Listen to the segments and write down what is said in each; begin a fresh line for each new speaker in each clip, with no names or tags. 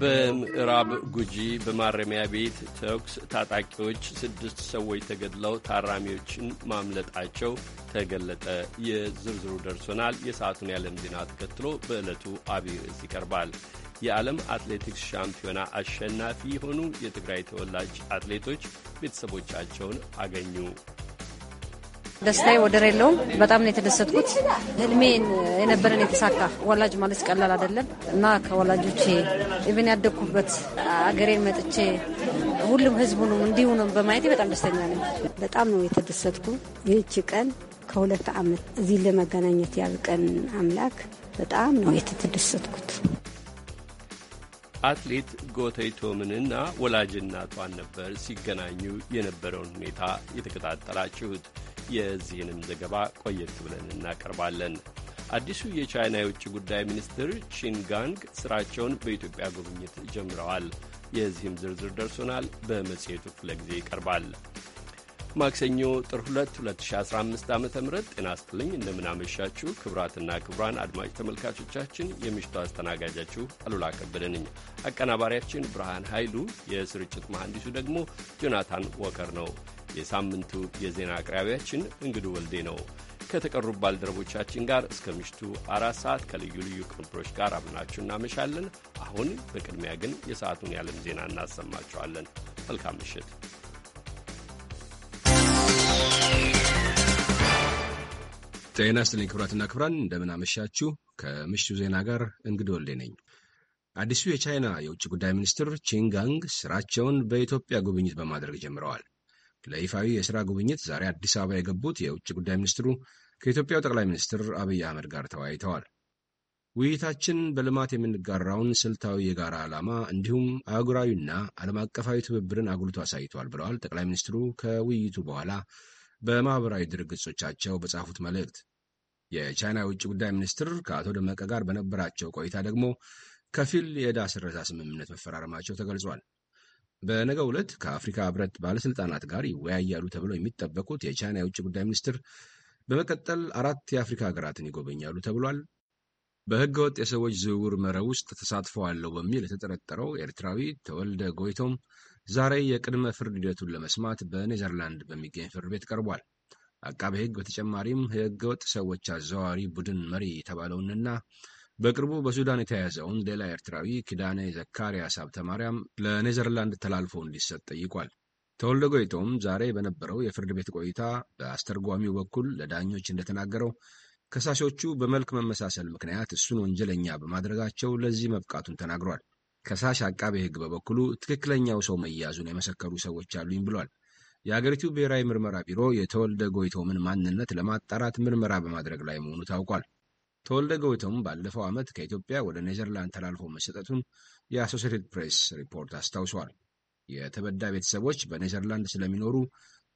በምዕራብ ጉጂ በማረሚያ ቤት ተኩስ ታጣቂዎች ስድስት ሰዎች ተገድለው ታራሚዎችን ማምለጣቸው ተገለጠ። የዝርዝሩ ደርሶናል። የሰዓቱን የዓለም ዜና ተከትሎ በዕለቱ አብይ ርዕስ ይቀርባል። የዓለም አትሌቲክስ ሻምፒዮና አሸናፊ የሆኑ የትግራይ ተወላጅ አትሌቶች ቤተሰቦቻቸውን አገኙ።
ደስታዬ ወደር የለውም። በጣም ነው የተደሰትኩት። ህልሜን የነበረን የተሳካ
ወላጅ ማለት ቀላል አይደለም እና ከወላጆቼ ኢቨን ያደግኩበት አገሬን መጥቼ ሁሉም ህዝቡንም ነው በማየቴ በጣም ደስተኛ ነኝ። በጣም ነው የተደሰትኩ።
ይህች ቀን ከሁለት ዓመት እዚህ ለመገናኘት ያብቀን አምላክ። በጣም ነው የተደሰትኩት።
አትሌት ጎተይ ቶምንና ወላጅ እናቷን ነበር ሲገናኙ የነበረውን ሁኔታ የተከታተላችሁት። የዚህንም ዘገባ ቆየት ብለን እናቀርባለን። አዲሱ የቻይና የውጭ ጉዳይ ሚኒስትር ቺንጋንግ ስራቸውን በኢትዮጵያ ጉብኝት ጀምረዋል። የዚህም ዝርዝር ደርሶናል፣ በመጽሔቱ ክፍለ ጊዜ ይቀርባል። ማክሰኞ ጥር 2 2015 ዓ ም ጤና ይስጥልኝ። እንደምናመሻችሁ ክቡራትና ክቡራን አድማጭ ተመልካቾቻችን የምሽቱ አስተናጋጃችሁ አሉላ ከበደ ነኝ። አቀናባሪያችን ብርሃን ኃይሉ፣ የስርጭት መሐንዲሱ ደግሞ ጆናታን ወከር ነው። የሳምንቱ የዜና አቅራቢያችን እንግዱ ወልዴ ነው። ከተቀሩ ባልደረቦቻችን ጋር እስከ ምሽቱ አራት ሰዓት ከልዩ ልዩ ቅንብሮች ጋር አብናችሁ እናመሻለን። አሁን በቅድሚያ ግን የሰዓቱን የዓለም ዜና
እናሰማችኋለን። መልካም ምሽት። ጤና ይስጥልኝ ክቡራትና ክቡራን፣ እንደምን አመሻችሁ። ከምሽቱ ዜና ጋር እንግዲህ ወልዴ ነኝ። አዲሱ የቻይና የውጭ ጉዳይ ሚኒስትር ቺንጋንግ ስራቸውን በኢትዮጵያ ጉብኝት በማድረግ ጀምረዋል። ለይፋዊ የሥራ ጉብኝት ዛሬ አዲስ አበባ የገቡት የውጭ ጉዳይ ሚኒስትሩ ከኢትዮጵያው ጠቅላይ ሚኒስትር አብይ አህመድ ጋር ተወያይተዋል። ውይይታችን በልማት የምንጋራውን ስልታዊ የጋራ ዓላማ እንዲሁም አህጉራዊና ዓለም አቀፋዊ ትብብርን አጉልቶ አሳይቷል ብለዋል ጠቅላይ ሚኒስትሩ ከውይይቱ በኋላ በማኅበራዊ ድረገጾቻቸው በጻፉት መልእክት። የቻይና የውጭ ጉዳይ ሚኒስትር ከአቶ ደመቀ ጋር በነበራቸው ቆይታ ደግሞ ከፊል የዕዳ ስረዛ ስምምነት መፈራረማቸው ተገልጿል። በነገ ዕለት ከአፍሪካ ህብረት ባለስልጣናት ጋር ይወያያሉ ተብለው የሚጠበቁት የቻይና የውጭ ጉዳይ ሚኒስትር በመቀጠል አራት የአፍሪካ ሀገራትን ይጎበኛሉ ተብሏል። በህገ ወጥ የሰዎች ዝውውር መረብ ውስጥ ተሳትፈዋለሁ በሚል የተጠረጠረው ኤርትራዊ ተወልደ ጎይቶም ዛሬ የቅድመ ፍርድ ሂደቱን ለመስማት በኔዘርላንድ በሚገኝ ፍርድ ቤት ቀርቧል። አቃቤ ህግ በተጨማሪም የህገ ወጥ ሰዎች አዘዋዋሪ ቡድን መሪ የተባለውንና በቅርቡ በሱዳን የተያያዘውን ሌላ ኤርትራዊ ኪዳኔ ዘካርያስ ሀብተ ማርያም ለኔዘርላንድ ተላልፎ እንዲሰጥ ጠይቋል። ተወልደ ጎይቶም ዛሬ በነበረው የፍርድ ቤት ቆይታ በአስተርጓሚው በኩል ለዳኞች እንደተናገረው ከሳሾቹ በመልክ መመሳሰል ምክንያት እሱን ወንጀለኛ በማድረጋቸው ለዚህ መብቃቱን ተናግሯል። ከሳሽ አቃቤ ሕግ በበኩሉ ትክክለኛው ሰው መያዙን የመሰከሩ ሰዎች አሉኝ ብሏል። የአገሪቱ ብሔራዊ ምርመራ ቢሮ የተወልደ ጎይቶምን ማንነት ለማጣራት ምርመራ በማድረግ ላይ መሆኑ ታውቋል። ተወልደ ጎይቶም ባለፈው ዓመት ከኢትዮጵያ ወደ ኔዘርላንድ ተላልፎ መሰጠቱን የአሶሴትድ ፕሬስ ሪፖርት አስታውሷል። የተበዳ ቤተሰቦች በኔዘርላንድ ስለሚኖሩ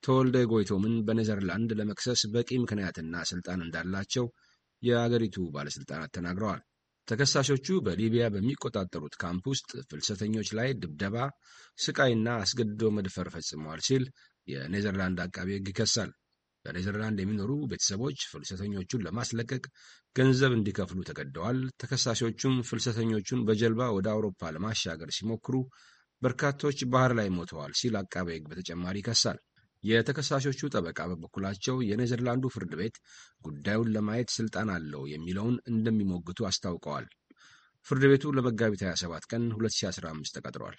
ተወልደ ጎይቶምን በኔዘርላንድ ለመክሰስ በቂ ምክንያትና ስልጣን እንዳላቸው የአገሪቱ ባለሥልጣናት ተናግረዋል። ተከሳሾቹ በሊቢያ በሚቆጣጠሩት ካምፕ ውስጥ ፍልሰተኞች ላይ ድብደባ፣ ስቃይና አስገድዶ መድፈር ፈጽመዋል ሲል የኔዘርላንድ አቃቤ ሕግ ይከሳል። በኔዘርላንድ የሚኖሩ ቤተሰቦች ፍልሰተኞቹን ለማስለቀቅ ገንዘብ እንዲከፍሉ ተገደዋል። ተከሳሾቹም ፍልሰተኞቹን በጀልባ ወደ አውሮፓ ለማሻገር ሲሞክሩ በርካቶች ባህር ላይ ሞተዋል ሲል አቃቤ ሕግ በተጨማሪ ይከሳል። የተከሳሾቹ ጠበቃ በበኩላቸው የኔዘርላንዱ ፍርድ ቤት ጉዳዩን ለማየት ስልጣን አለው የሚለውን እንደሚሞግቱ አስታውቀዋል። ፍርድ ቤቱ ለመጋቢት 27 ቀን 2015 ተቀጥሯል።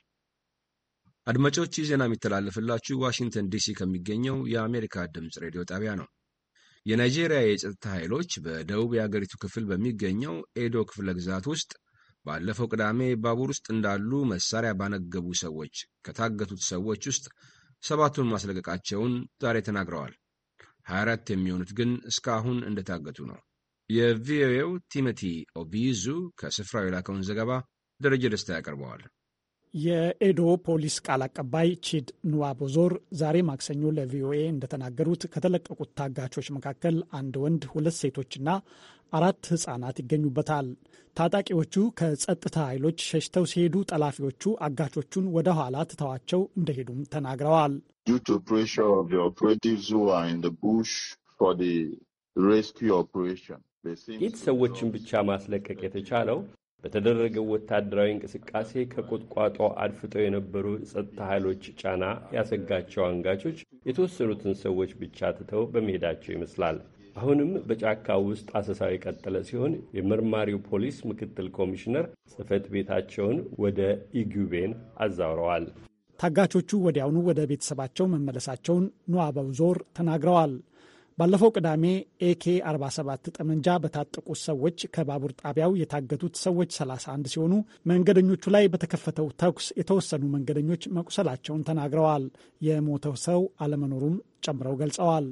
አድማጮች ይህ ዜና የሚተላለፍላችሁ ዋሽንግተን ዲሲ ከሚገኘው የአሜሪካ ድምፅ ሬዲዮ ጣቢያ ነው። የናይጄሪያ የጸጥታ ኃይሎች በደቡብ የአገሪቱ ክፍል በሚገኘው ኤዶ ክፍለ ግዛት ውስጥ ባለፈው ቅዳሜ ባቡር ውስጥ እንዳሉ መሳሪያ ባነገቡ ሰዎች ከታገቱት ሰዎች ውስጥ ሰባቱን ማስለቀቃቸውን ዛሬ ተናግረዋል። 24 የሚሆኑት ግን እስካሁን እንደታገቱ ነው። የቪኦኤው ቲሞቲ ኦቢዙ ከስፍራው የላከውን ዘገባ ደረጀ ደስታ ያቀርበዋል።
የኤዶ ፖሊስ ቃል አቀባይ ቺድ ንዋቦዞር ዛሬ ማክሰኞ ለቪኦኤ እንደተናገሩት ከተለቀቁት ታጋቾች መካከል አንድ ወንድ፣ ሁለት ሴቶችና አራት ህጻናት ይገኙበታል። ታጣቂዎቹ ከጸጥታ ኃይሎች ሸሽተው ሲሄዱ ጠላፊዎቹ አጋቾቹን ወደ ኋላ ትተዋቸው እንደሄዱም ተናግረዋል።
ጥቂት
ሰዎችን ብቻ ማስለቀቅ የተቻለው በተደረገው ወታደራዊ እንቅስቃሴ ከቁጥቋጦ አድፍጠው የነበሩ ጸጥታ ኃይሎች ጫና ያሰጋቸው አንጋቾች የተወሰኑትን ሰዎች ብቻ ትተው በመሄዳቸው ይመስላል። አሁንም በጫካ ውስጥ አሰሳው የቀጠለ ሲሆን የመርማሪው ፖሊስ ምክትል ኮሚሽነር ጽህፈት ቤታቸውን ወደ ኢጊቤን አዛውረዋል።
ታጋቾቹ ወዲያውኑ ወደ ቤተሰባቸው መመለሳቸውን ኑዋበው ዞር ተናግረዋል። ባለፈው ቅዳሜ ኤኬ 47 ጠመንጃ በታጠቁት ሰዎች ከባቡር ጣቢያው የታገቱት ሰዎች 31 ሲሆኑ መንገደኞቹ ላይ በተከፈተው ተኩስ የተወሰኑ መንገደኞች መቁሰላቸውን ተናግረዋል። የሞተው ሰው አለመኖሩም ጨምረው ገልጸዋል።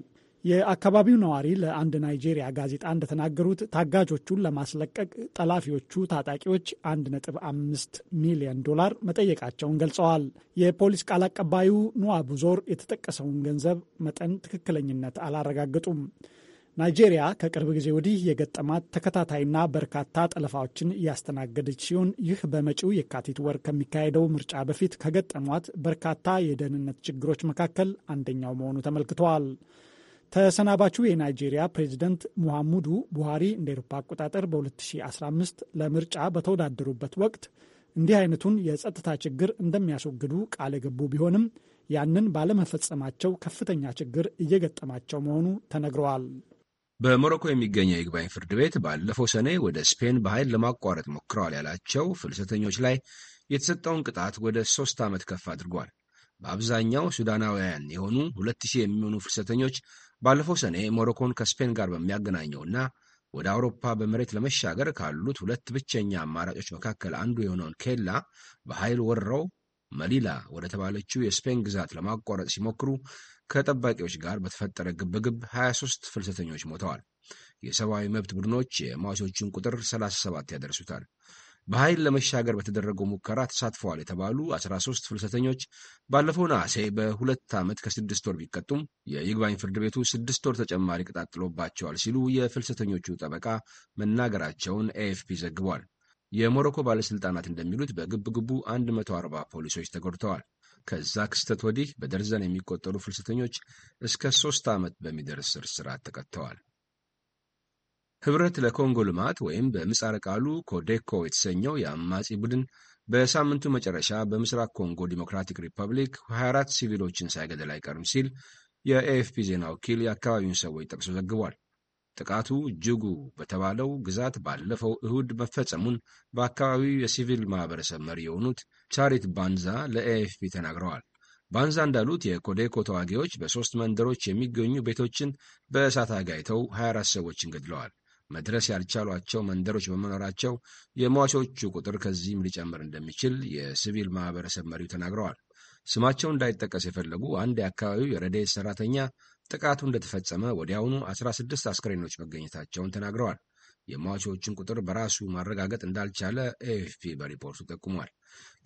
የአካባቢው ነዋሪ ለአንድ ናይጄሪያ ጋዜጣ እንደተናገሩት ታጋጆቹን ለማስለቀቅ ጠላፊዎቹ ታጣቂዎች 1.5 ሚሊዮን ዶላር መጠየቃቸውን ገልጸዋል። የፖሊስ ቃል አቀባዩ ኑዋቡ ዞር የተጠቀሰውን ገንዘብ መጠን ትክክለኝነት አላረጋገጡም። ናይጄሪያ ከቅርብ ጊዜ ወዲህ የገጠማት ተከታታይና በርካታ ጠለፋዎችን እያስተናገደች ሲሆን ይህ በመጪው የካቲት ወር ከሚካሄደው ምርጫ በፊት ከገጠሟት በርካታ የደህንነት ችግሮች መካከል አንደኛው መሆኑ ተመልክተዋል። ተሰናባቹ የናይጄሪያ ፕሬዚደንት ሙሐሙዱ ቡሃሪ እንደ ኤሮፓ አቆጣጠር በ2015 ለምርጫ በተወዳደሩበት ወቅት እንዲህ አይነቱን የጸጥታ ችግር እንደሚያስወግዱ ቃል የገቡ ቢሆንም ያንን ባለመፈጸማቸው ከፍተኛ ችግር እየገጠማቸው መሆኑ ተነግረዋል።
በሞሮኮ የሚገኘው የግባኝ ፍርድ ቤት ባለፈው ሰኔ ወደ ስፔን በኃይል ለማቋረጥ ሞክረዋል ያላቸው ፍልሰተኞች ላይ የተሰጠውን ቅጣት ወደ ሶስት ዓመት ከፍ አድርጓል። በአብዛኛው ሱዳናውያን የሆኑ ሁለት ሺህ የሚሆኑ ፍልሰተኞች ባለፈው ሰኔ ሞሮኮን ከስፔን ጋር በሚያገናኘውና ወደ አውሮፓ በመሬት ለመሻገር ካሉት ሁለት ብቸኛ አማራጮች መካከል አንዱ የሆነውን ኬላ በኃይል ወርረው መሊላ ወደ ተባለችው የስፔን ግዛት ለማቋረጥ ሲሞክሩ ከጠባቂዎች ጋር በተፈጠረ ግብግብ 23 ፍልሰተኞች ሞተዋል። የሰብአዊ መብት ቡድኖች የሟቾቹን ቁጥር 37 ያደርሱታል። በኃይል ለመሻገር በተደረገው ሙከራ ተሳትፈዋል የተባሉ 13 ፍልሰተኞች ባለፈው ነሐሴ በሁለት ዓመት ከስድስት ወር ቢቀጡም የይግባኝ ፍርድ ቤቱ ስድስት ወር ተጨማሪ ቅጣት ጥሎባቸዋል ሲሉ የፍልሰተኞቹ ጠበቃ መናገራቸውን ኤኤፍፒ ዘግቧል። የሞሮኮ ባለሥልጣናት እንደሚሉት በግብግቡ 140 ፖሊሶች ተጎድተዋል። ከዛ ክስተት ወዲህ በደርዘን የሚቆጠሩ ፍልሰተኞች እስከ ሦስት ዓመት በሚደርስ እስራት ተቀጥተዋል። ህብረት ለኮንጎ ልማት ወይም በምህጻረ ቃሉ ኮዴኮ የተሰኘው የአማጺ ቡድን በሳምንቱ መጨረሻ በምስራቅ ኮንጎ ዲሞክራቲክ ሪፐብሊክ 24 ሲቪሎችን ሳይገደል አይቀርም ሲል የኤኤፍፒ ዜና ወኪል የአካባቢውን ሰዎች ጠቅሶ ዘግቧል። ጥቃቱ ጅጉ በተባለው ግዛት ባለፈው እሁድ መፈጸሙን በአካባቢው የሲቪል ማህበረሰብ መሪ የሆኑት ቻሪት ባንዛ ለኤኤፍፒ ተናግረዋል። ባንዛ እንዳሉት የኮዴኮ ተዋጊዎች በሦስት መንደሮች የሚገኙ ቤቶችን በእሳት አጋይተው 24 ሰዎችን ገድለዋል። መድረስ ያልቻሏቸው መንደሮች በመኖራቸው የሟቾቹ ቁጥር ከዚህም ሊጨምር እንደሚችል የሲቪል ማህበረሰብ መሪው ተናግረዋል። ስማቸው እንዳይጠቀስ የፈለጉ አንድ የአካባቢው የረድኤት ሰራተኛ ጥቃቱ እንደተፈጸመ ወዲያውኑ 16 አስክሬኖች መገኘታቸውን ተናግረዋል። የሟቾችን ቁጥር በራሱ ማረጋገጥ እንዳልቻለ ኤኤፍፒ በሪፖርቱ ጠቁሟል።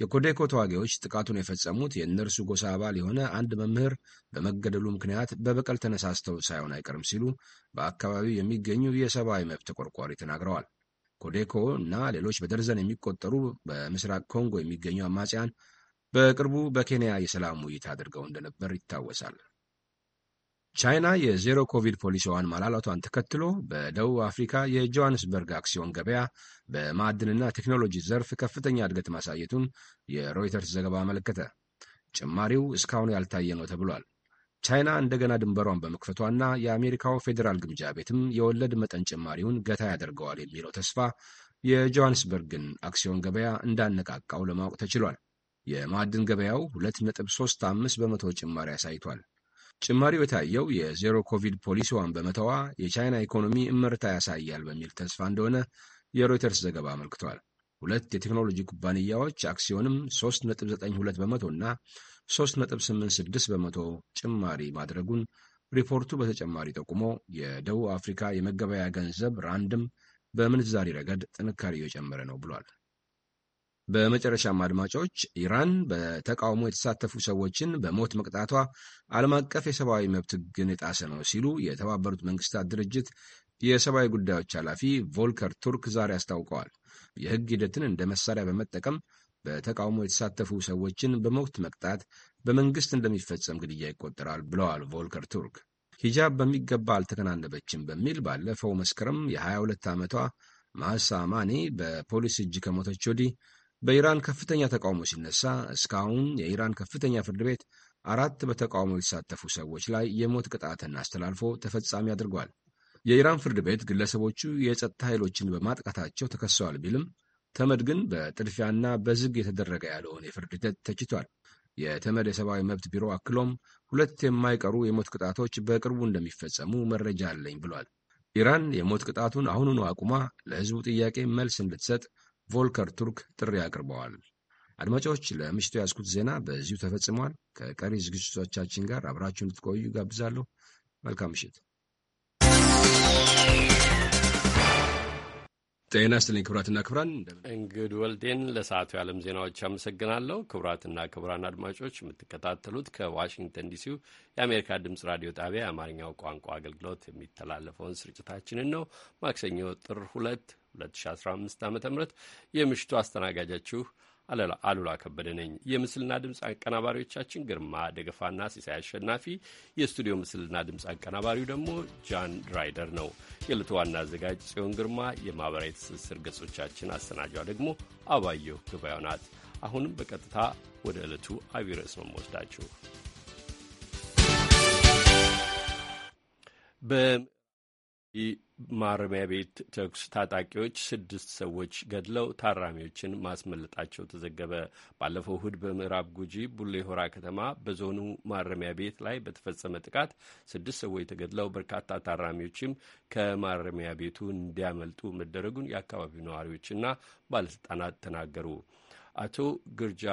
የኮዴኮ ተዋጊዎች ጥቃቱን የፈጸሙት የእነርሱ ጎሳ አባል የሆነ አንድ መምህር በመገደሉ ምክንያት በበቀል ተነሳስተው ሳይሆን አይቀርም ሲሉ በአካባቢው የሚገኙ የሰብአዊ መብት ተቆርቋሪ ተናግረዋል። ኮዴኮ እና ሌሎች በደርዘን የሚቆጠሩ በምስራቅ ኮንጎ የሚገኙ አማጽያን በቅርቡ በኬንያ የሰላም ውይይት አድርገው እንደነበር ይታወሳል። ቻይና የዜሮ ኮቪድ ፖሊሲዋን ማላላቷን ተከትሎ በደቡብ አፍሪካ የጆሃንስበርግ አክሲዮን ገበያ በማዕድንና ቴክኖሎጂ ዘርፍ ከፍተኛ እድገት ማሳየቱን የሮይተርስ ዘገባ አመለከተ። ጭማሪው እስካሁን ያልታየ ነው ተብሏል። ቻይና እንደገና ድንበሯን በመክፈቷና የአሜሪካው ፌዴራል ግምጃ ቤትም የወለድ መጠን ጭማሪውን ገታ ያደርገዋል የሚለው ተስፋ የጆሃንስበርግን አክሲዮን ገበያ እንዳነቃቃው ለማወቅ ተችሏል። የማዕድን ገበያው 2.35 በመቶ ጭማሪ አሳይቷል። ጭማሪው የታየው የዜሮ ኮቪድ ፖሊሲዋን በመተዋ የቻይና ኢኮኖሚ እመርታ ያሳያል በሚል ተስፋ እንደሆነ የሮይተርስ ዘገባ አመልክቷል። ሁለት የቴክኖሎጂ ኩባንያዎች አክሲዮንም 3.92 በመቶ እና 3.86 በመቶ ጭማሪ ማድረጉን ሪፖርቱ በተጨማሪ ጠቁሞ የደቡብ አፍሪካ የመገበያ ገንዘብ ራንድም በምንዛሪ ረገድ ጥንካሬ እየጨመረ ነው ብሏል። በመጨረሻም አድማጮች ኢራን በተቃውሞ የተሳተፉ ሰዎችን በሞት መቅጣቷ ዓለም አቀፍ የሰብአዊ መብት ሕግን የጣሰ ነው ሲሉ የተባበሩት መንግስታት ድርጅት የሰብአዊ ጉዳዮች ኃላፊ ቮልከር ቱርክ ዛሬ አስታውቀዋል። የሕግ ሂደትን እንደ መሳሪያ በመጠቀም በተቃውሞ የተሳተፉ ሰዎችን በሞት መቅጣት በመንግስት እንደሚፈጸም ግድያ ይቆጠራል ብለዋል ቮልከር ቱርክ። ሂጃብ በሚገባ አልተከናነበችም በሚል ባለፈው መስከረም የ22 ዓመቷ ማሳ ማኔ በፖሊስ እጅ ከሞተች ወዲህ በኢራን ከፍተኛ ተቃውሞ ሲነሳ እስካሁን የኢራን ከፍተኛ ፍርድ ቤት አራት በተቃውሞ የተሳተፉ ሰዎች ላይ የሞት ቅጣትን አስተላልፎ ተፈጻሚ አድርጓል። የኢራን ፍርድ ቤት ግለሰቦቹ የጸጥታ ኃይሎችን በማጥቃታቸው ተከሰዋል ቢልም ተመድ ግን በጥድፊያና በዝግ የተደረገ ያለውን የፍርድ ሂደት ተችቷል። የተመድ የሰብአዊ መብት ቢሮ አክሎም ሁለት የማይቀሩ የሞት ቅጣቶች በቅርቡ እንደሚፈጸሙ መረጃ አለኝ ብሏል። ኢራን የሞት ቅጣቱን አሁኑኑ አቁማ ለሕዝቡ ጥያቄ መልስ እንድትሰጥ ቮልከር ቱርክ ጥሪ አቅርበዋል። አድማጮች፣ ለምሽቱ ያዝኩት ዜና በዚሁ ተፈጽሟል። ከቀሪ ዝግጅቶቻችን ጋር አብራችሁ እንድትቆዩ ጋብዛለሁ። መልካም ምሽት። ጤና ይስጥልኝ ክቡራትና ክቡራን፣
እንግድ ወልዴን ለሰዓቱ የዓለም ዜናዎች አመሰግናለሁ። ክቡራትና ክቡራን አድማጮች የምትከታተሉት ከዋሽንግተን ዲሲው የአሜሪካ ድምጽ ራዲዮ ጣቢያ የአማርኛው ቋንቋ አገልግሎት የሚተላለፈውን ስርጭታችንን ነው። ማክሰኞ ጥር 2 2015 ዓ ም የምሽቱ አስተናጋጃችሁ አሉላ ከበደ ነኝ። የምስልና ድምፅ አቀናባሪዎቻችን ግርማ ደገፋና ሲሳይ አሸናፊ፣ የስቱዲዮ ምስልና ድምፅ አቀናባሪው ደግሞ ጃን ራይደር ነው። የዕለቱ ዋና አዘጋጅ ጽዮን ግርማ፣ የማኅበራዊ ትስስር ገጾቻችን አሰናጇ ደግሞ አባየሁ ገበያው ናት። አሁንም በቀጥታ ወደ ዕለቱ አብይ ርዕስ ነው የምወስዳችሁ። ማረሚያ ቤት ተኩስ ታጣቂዎች ስድስት ሰዎች ገድለው ታራሚዎችን ማስመለጣቸው ተዘገበ። ባለፈው እሁድ በምዕራብ ጉጂ ቡሌ ሆራ ከተማ በዞኑ ማረሚያ ቤት ላይ በተፈጸመ ጥቃት ስድስት ሰዎች ተገድለው በርካታ ታራሚዎችም ከማረሚያ ቤቱ እንዲያመልጡ መደረጉን የአካባቢው ነዋሪዎችና ባለስልጣናት ተናገሩ። አቶ ግርጃ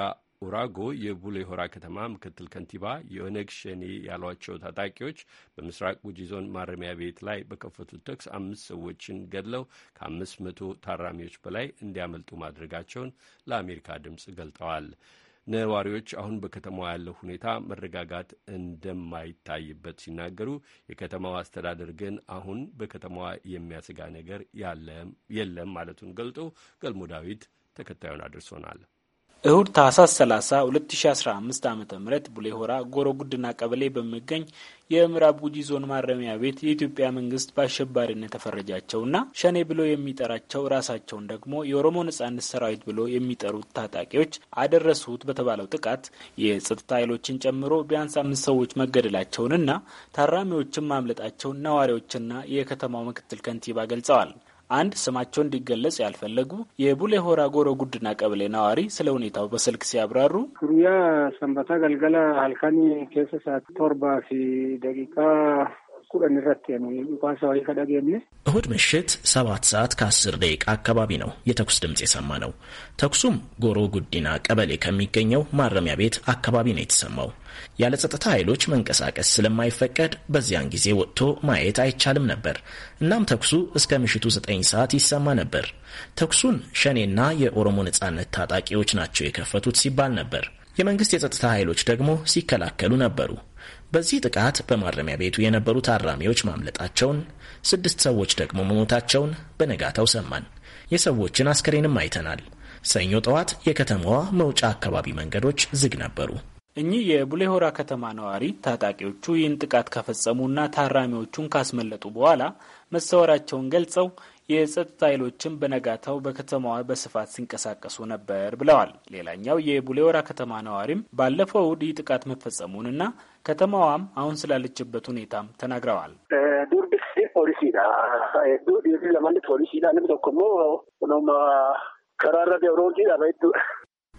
የቡሌ የቡሌሆራ ከተማ ምክትል ከንቲባ የኦነግ ሸኔ ያሏቸው ታጣቂዎች በምስራቅ ጉጂ ዞን ማረሚያ ቤት ላይ በከፈቱት ተኩስ አምስት ሰዎችን ገድለው ከአምስት መቶ ታራሚዎች በላይ እንዲያመልጡ ማድረጋቸውን ለአሜሪካ ድምፅ ገልጠዋል። ነዋሪዎች አሁን በከተማዋ ያለው ሁኔታ መረጋጋት እንደማይታይበት ሲናገሩ፣ የከተማዋ አስተዳደር ግን አሁን በከተማዋ የሚያሰጋ ነገር የለም ማለቱን ገልጦ ገልሞ ዳዊት ተከታዩን አድርሶናል።
እሁድ ታህሳስ 30 2015 ዓ ም ቡሌ ሆራ ጎሮ ጉድና ቀበሌ በሚገኝ የምዕራብ ጉጂ ዞን ማረሚያ ቤት የኢትዮጵያ መንግስት በአሸባሪነት የተፈረጃቸውና ሸኔ ብሎ የሚጠራቸው ራሳቸውን ደግሞ የኦሮሞ ነጻነት ሰራዊት ብሎ የሚጠሩት ታጣቂዎች አደረሱት በተባለው ጥቃት የጸጥታ ኃይሎችን ጨምሮ ቢያንስ አምስት ሰዎች መገደላቸውንና ታራሚዎችን ማምለጣቸውን ነዋሪዎችና የከተማው ምክትል ከንቲባ ገልጸዋል። አንድ ስማቸው እንዲገለጽ ያልፈለጉ የቡሌ ሆራ ጎሮ ጉድና ቀበሌ ነዋሪ ስለ ሁኔታው በስልክ ሲያብራሩ
ሩያ ሰንበታ ገልገላ አልካኒ ኬሰ ቶርባ ሲ ደቂቃ ቁረን ረቴ ነው እንኳን ሰው ይፈደገኝ።
እሁድ ምሽት ሰባት ሰዓት ከአስር ደቂቃ አካባቢ ነው የተኩስ ድምፅ የሰማ ነው። ተኩሱም ጎሮ ጉዲና ቀበሌ ከሚገኘው ማረሚያ ቤት አካባቢ ነው የተሰማው። ያለ ጸጥታ ኃይሎች መንቀሳቀስ ስለማይፈቀድ በዚያን ጊዜ ወጥቶ ማየት አይቻልም ነበር። እናም ተኩሱ እስከ ምሽቱ ዘጠኝ ሰዓት ይሰማ ነበር። ተኩሱን ሸኔና የኦሮሞ ነጻነት ታጣቂዎች ናቸው የከፈቱት ሲባል ነበር። የመንግስት የጸጥታ ኃይሎች ደግሞ ሲከላከሉ ነበሩ። በዚህ ጥቃት በማረሚያ ቤቱ የነበሩ ታራሚዎች ማምለጣቸውን፣ ስድስት ሰዎች ደግሞ መሞታቸውን በነጋታው ሰማን። የሰዎችን አስከሬንም አይተናል። ሰኞ ጠዋት የከተማዋ መውጫ አካባቢ መንገዶች ዝግ ነበሩ።
እኚህ የቡሌሆራ ከተማ ነዋሪ ታጣቂዎቹ ይህን ጥቃት ከፈጸሙና ታራሚዎቹን ካስመለጡ በኋላ መሰወራቸውን ገልጸው የጸጥታ ኃይሎችን በነጋታው በከተማዋ በስፋት ሲንቀሳቀሱ ነበር ብለዋል። ሌላኛው የቡሌወራ ከተማ ነዋሪም ባለፈው እሁድ ይህ ጥቃት መፈጸሙንና ከተማዋም አሁን ስላለችበት ሁኔታም ተናግረዋል።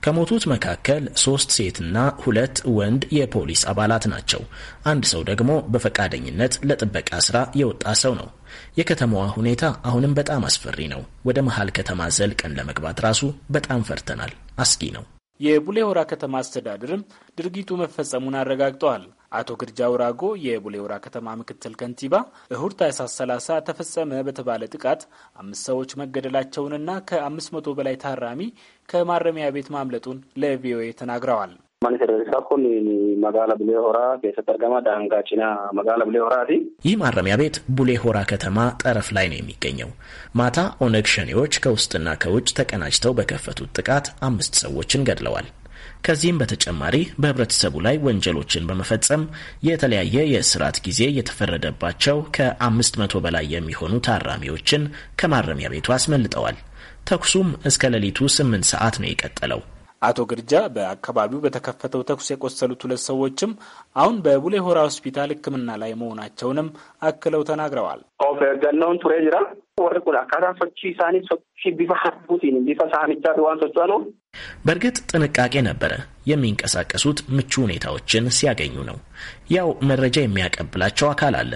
ከሞቱት መካከል ሶስት ሴትና ሁለት ወንድ የፖሊስ አባላት ናቸው። አንድ ሰው ደግሞ በፈቃደኝነት ለጥበቃ ስራ የወጣ ሰው ነው። የከተማዋ ሁኔታ አሁንም በጣም አስፈሪ ነው። ወደ መሀል ከተማ ዘልቀን ለመግባት ራሱ በጣም ፈርተናል። አስጊ ነው።
የቡሌ ሆራ ከተማ አስተዳደርም ድርጊቱ መፈጸሙን አረጋግጠዋል። አቶ ግርጃ ውራጎ የቡሌ ሆራ ከተማ ምክትል ከንቲባ እሁድ ታህሳስ 30 ተፈጸመ በተባለ ጥቃት አምስት ሰዎች መገደላቸውንና ከአምስት መቶ በላይ ታራሚ ከማረሚያ ቤት ማምለጡን ለቪኦኤ ተናግረዋል።
ይህ ማረሚያ
ቤት ቡሌ ሆራ ከተማ ጠረፍ ላይ ነው የሚገኘው። ማታ ኦነግ ሸኔዎች ከውስጥና ከውጭ ተቀናጅተው በከፈቱት ጥቃት አምስት ሰዎችን ገድለዋል። ከዚህም በተጨማሪ በህብረተሰቡ ላይ ወንጀሎችን በመፈጸም የተለያየ የእስራት ጊዜ የተፈረደባቸው ከአምስት መቶ በላይ የሚሆኑ ታራሚዎችን ከማረሚያ ቤቱ አስመልጠዋል። ተኩሱም እስከ ሌሊቱ ስምንት ሰዓት ነው የቀጠለው።
አቶ ግርጃ በአካባቢው በተከፈተው ተኩስ የቆሰሉት ሁለት ሰዎችም አሁን በቡሌ ሆራ ሆስፒታል ሕክምና ላይ መሆናቸውንም አክለው ተናግረዋል። ገናውን ቱሬ ጅራ
በእርግጥ ጥንቃቄ ነበረ። የሚንቀሳቀሱት ምቹ ሁኔታዎችን ሲያገኙ ነው። ያው መረጃ የሚያቀብላቸው አካል አለ።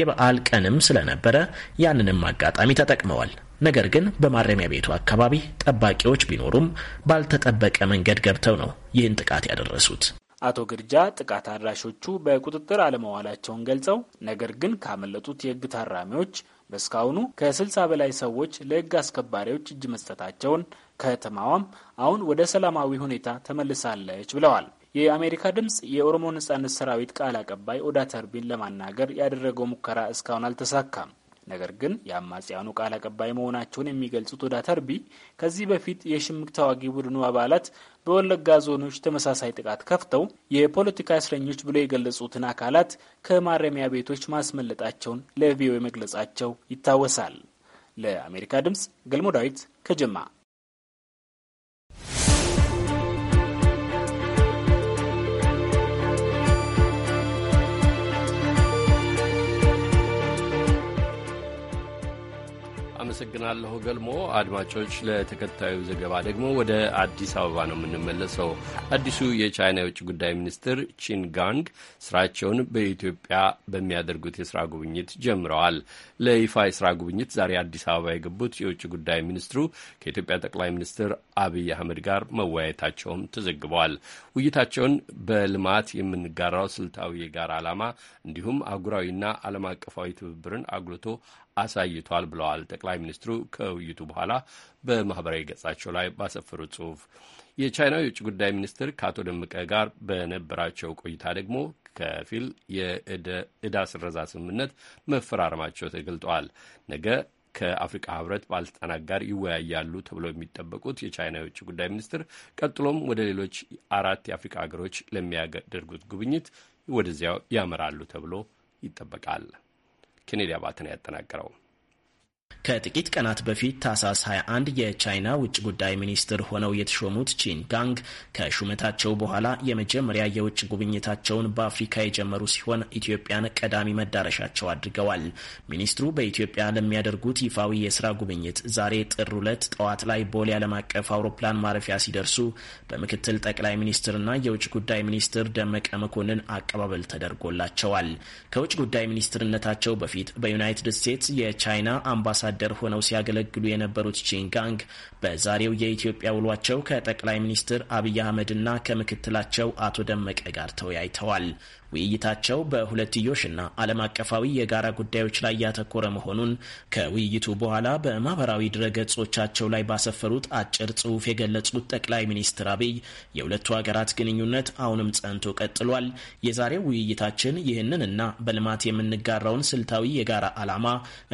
የበዓል ቀንም ስለነበረ ያንንም አጋጣሚ ተጠቅመዋል። ነገር ግን በማረሚያ ቤቱ አካባቢ ጠባቂዎች ቢኖሩም ባልተጠበቀ መንገድ ገብተው ነው ይህን ጥቃት ያደረሱት።
አቶ ግርጃ ጥቃት አድራሾቹ በቁጥጥር አለመዋላቸውን ገልጸው ነገር ግን ካመለጡት የህግ ታራሚዎች በእስካሁኑ ከስልሳ በላይ ሰዎች ለህግ አስከባሪዎች እጅ መስጠታቸውን ከተማዋም አሁን ወደ ሰላማዊ ሁኔታ ተመልሳለች ብለዋል። የአሜሪካ ድምፅ የኦሮሞ ነጻነት ሰራዊት ቃል አቀባይ ኦዳ ተርቢን ለማናገር ያደረገው ሙከራ እስካሁን አልተሳካም። ነገር ግን የአማጽያኑ ቃል አቀባይ መሆናቸውን የሚገልጹት ወዳ ተርቢ ከዚህ በፊት የሽምቅ ተዋጊ ቡድኑ አባላት በወለጋ ዞኖች ተመሳሳይ ጥቃት ከፍተው የፖለቲካ እስረኞች ብሎ የገለጹትን አካላት ከማረሚያ ቤቶች ማስመለጣቸውን ለቪኦኤ መግለጻቸው ይታወሳል። ለአሜሪካ ድምጽ ገልሞ ዳዊት ከጅማ
አመሰግናለሁ ገልሞ። አድማጮች፣ ለተከታዩ ዘገባ ደግሞ ወደ አዲስ አበባ ነው የምንመለሰው። አዲሱ የቻይና የውጭ ጉዳይ ሚኒስትር ቺንጋንግ ስራቸውን በኢትዮጵያ በሚያደርጉት የስራ ጉብኝት ጀምረዋል። ለይፋ የስራ ጉብኝት ዛሬ አዲስ አበባ የገቡት የውጭ ጉዳይ ሚኒስትሩ ከኢትዮጵያ ጠቅላይ ሚኒስትር አብይ አህመድ ጋር መወያየታቸውም ተዘግበዋል። ውይይታቸውን በልማት የምንጋራው ስልታዊ የጋራ ዓላማ እንዲሁም አህጉራዊና ዓለም አቀፋዊ ትብብርን አጉልቶ አሳይቷል ብለዋል ጠቅላይ ሚኒስትሩ ከውይይቱ በኋላ በማህበራዊ ገጻቸው ላይ ባሰፈሩት ጽሁፍ። የቻይናው የውጭ ጉዳይ ሚኒስትር ከአቶ ደመቀ ጋር በነበራቸው ቆይታ ደግሞ ከፊል የእዳ ስረዛ ስምምነት መፈራረማቸው ተገልጠዋል። ነገ ከአፍሪካ ህብረት ባለስልጣናት ጋር ይወያያሉ ተብለው የሚጠበቁት የቻይና የውጭ ጉዳይ ሚኒስትር ቀጥሎም ወደ ሌሎች አራት የአፍሪካ ሀገሮች ለሚያደርጉት ጉብኝት ወደዚያው ያመራሉ ተብሎ ይጠበቃል። ኬኔዲ አባተን ያጠናቀረው
ከጥቂት ቀናት በፊት ታህሳስ 21 የቻይና ውጭ ጉዳይ ሚኒስትር ሆነው የተሾሙት ቺን ጋንግ ከሹመታቸው በኋላ የመጀመሪያ የውጭ ጉብኝታቸውን በአፍሪካ የጀመሩ ሲሆን ኢትዮጵያን ቀዳሚ መዳረሻቸው አድርገዋል። ሚኒስትሩ በኢትዮጵያ ለሚያደርጉት ይፋዊ የስራ ጉብኝት ዛሬ ጥር ሁለት ጠዋት ላይ ቦሌ ዓለም አቀፍ አውሮፕላን ማረፊያ ሲደርሱ በምክትል ጠቅላይ ሚኒስትርና የውጭ ጉዳይ ሚኒስትር ደመቀ መኮንን አቀባበል ተደርጎላቸዋል። ከውጭ ጉዳይ ሚኒስትርነታቸው በፊት በዩናይትድ ስቴትስ የቻይና አምባሳ አምባሳደር ሆነው ሲያገለግሉ የነበሩት ቺንጋንግ በዛሬው የኢትዮጵያ ውሏቸው ከጠቅላይ ሚኒስትር አብይ አህመድና ከምክትላቸው አቶ ደመቀ ጋር ተወያይተዋል። ውይይታቸው በሁለትዮሽና ዓለም አቀፋዊ የጋራ ጉዳዮች ላይ ያተኮረ መሆኑን ከውይይቱ በኋላ በማህበራዊ ድረገጾቻቸው ላይ ባሰፈሩት አጭር ጽሑፍ የገለጹት ጠቅላይ ሚኒስትር አብይ የሁለቱ ሀገራት ግንኙነት አሁንም ጸንቶ ቀጥሏል። የዛሬው ውይይታችን ይህንንና በልማት የምንጋራውን ስልታዊ የጋራ ዓላማ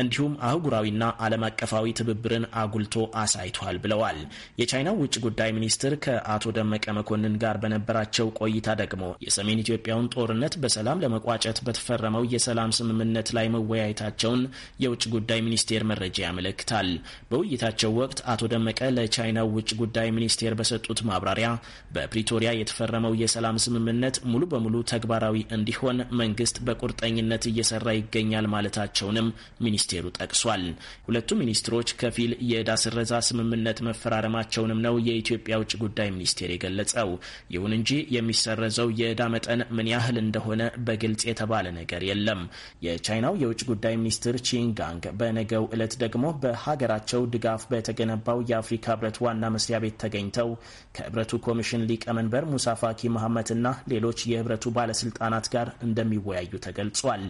እንዲሁም አህጉራዊና ዓለም አቀፋዊ ትብብርን አጉልቶ አሳይቷል ብለዋል። የቻይናው ውጭ ጉዳይ ሚኒስትር ከአቶ ደመቀ መኮንን ጋር በነበራቸው ቆይታ ደግሞ የሰሜን ኢትዮጵያውን ጦርነት ዓመት በሰላም ለመቋጨት በተፈረመው የሰላም ስምምነት ላይ መወያየታቸውን የውጭ ጉዳይ ሚኒስቴር መረጃ ያመለክታል። በውይይታቸው ወቅት አቶ ደመቀ ለቻይናው ውጭ ጉዳይ ሚኒስቴር በሰጡት ማብራሪያ በፕሪቶሪያ የተፈረመው የሰላም ስምምነት ሙሉ በሙሉ ተግባራዊ እንዲሆን መንግስት በቁርጠኝነት እየሰራ ይገኛል ማለታቸውንም ሚኒስቴሩ ጠቅሷል። ሁለቱ ሚኒስትሮች ከፊል የዕዳ ስረዛ ስምምነት መፈራረማቸውንም ነው የኢትዮጵያ ውጭ ጉዳይ ሚኒስቴር የገለጸው። ይሁን እንጂ የሚሰረዘው የዕዳ መጠን ምን ያህል እንደ እንደሆነ በግልጽ የተባለ ነገር የለም። የቻይናው የውጭ ጉዳይ ሚኒስትር ቺንጋንግ በነገው ዕለት ደግሞ በሀገራቸው ድጋፍ በተገነባው የአፍሪካ ህብረት ዋና መስሪያ ቤት ተገኝተው ከህብረቱ ኮሚሽን ሊቀመንበር ሙሳ ፋኪ መሐመድና ሌሎች የህብረቱ ባለስልጣናት ጋር እንደሚወያዩ ተገልጿል።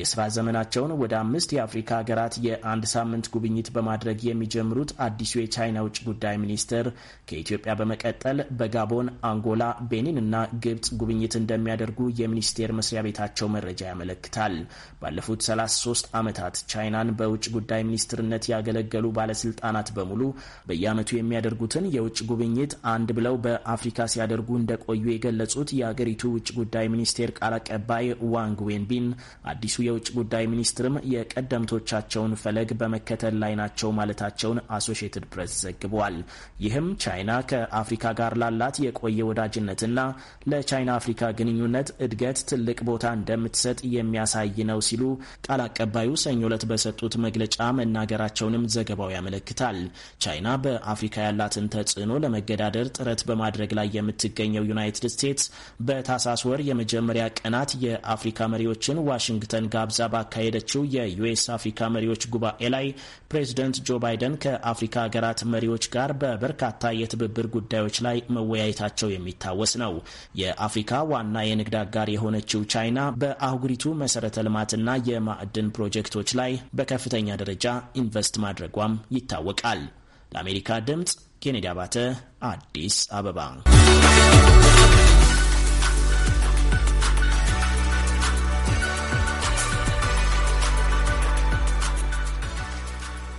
የስራ ዘመናቸውን ወደ አምስት የአፍሪካ ሀገራት የአንድ ሳምንት ጉብኝት በማድረግ የሚጀምሩት አዲሱ የቻይና ውጭ ጉዳይ ሚኒስትር ከኢትዮጵያ በመቀጠል በጋቦን፣ አንጎላ፣ ቤኒን እና ግብጽ ጉብኝት እንደሚያደርጉ የሚኒስቴር መስሪያ ቤታቸው መረጃ ያመለክታል። ባለፉት 33 ዓመታት ቻይናን በውጭ ጉዳይ ሚኒስትርነት ያገለገሉ ባለስልጣናት በሙሉ በየዓመቱ የሚያደርጉትን የውጭ ጉብኝት አንድ ብለው በአፍሪካ ሲያደርጉ እንደቆዩ የገለጹት የአገሪቱ ውጭ ጉዳይ ሚኒስቴር ቃል አቀባይ ዋንግ ዌንቢን አዲሱ የውጭ ጉዳይ ሚኒስትርም የቀደምቶቻቸውን ፈለግ በመከተል ላይ ናቸው ማለታቸውን አሶሽየትድ ፕሬስ ዘግቧል። ይህም ቻይና ከአፍሪካ ጋር ላላት የቆየ ወዳጅነትና ለቻይና አፍሪካ ግንኙነት እድገት ትልቅ ቦታ እንደምትሰጥ የሚያሳይ ነው ሲሉ ቃል አቀባዩ ሰኞ ዕለት በሰጡት መግለጫ መናገራቸውንም ዘገባው ያመለክታል። ቻይና በአፍሪካ ያላትን ተጽዕኖ ለመገዳደር ጥረት በማድረግ ላይ የምትገኘው ዩናይትድ ስቴትስ በታሳስ ወር የመጀመሪያ ቀናት የአፍሪካ መሪዎችን ዋሽንግተን ጋብዛ ባካሄደችው የዩኤስ አፍሪካ መሪዎች ጉባኤ ላይ ፕሬዚደንት ጆ ባይደን ከአፍሪካ ሀገራት መሪዎች ጋር በበርካታ የትብብር ጉዳዮች ላይ መወያየታቸው የሚታወስ ነው። የአፍሪካ ዋና የንግድ አጋር የሆነችው ቻይና በአህጉሪቱ መሰረተ ልማትና የማዕድን ፕሮጀክቶች ላይ በከፍተኛ ደረጃ ኢንቨስት ማድረጓም ይታወቃል። ለአሜሪካ ድምፅ ኬኔዲ አባተ አዲስ አበባ።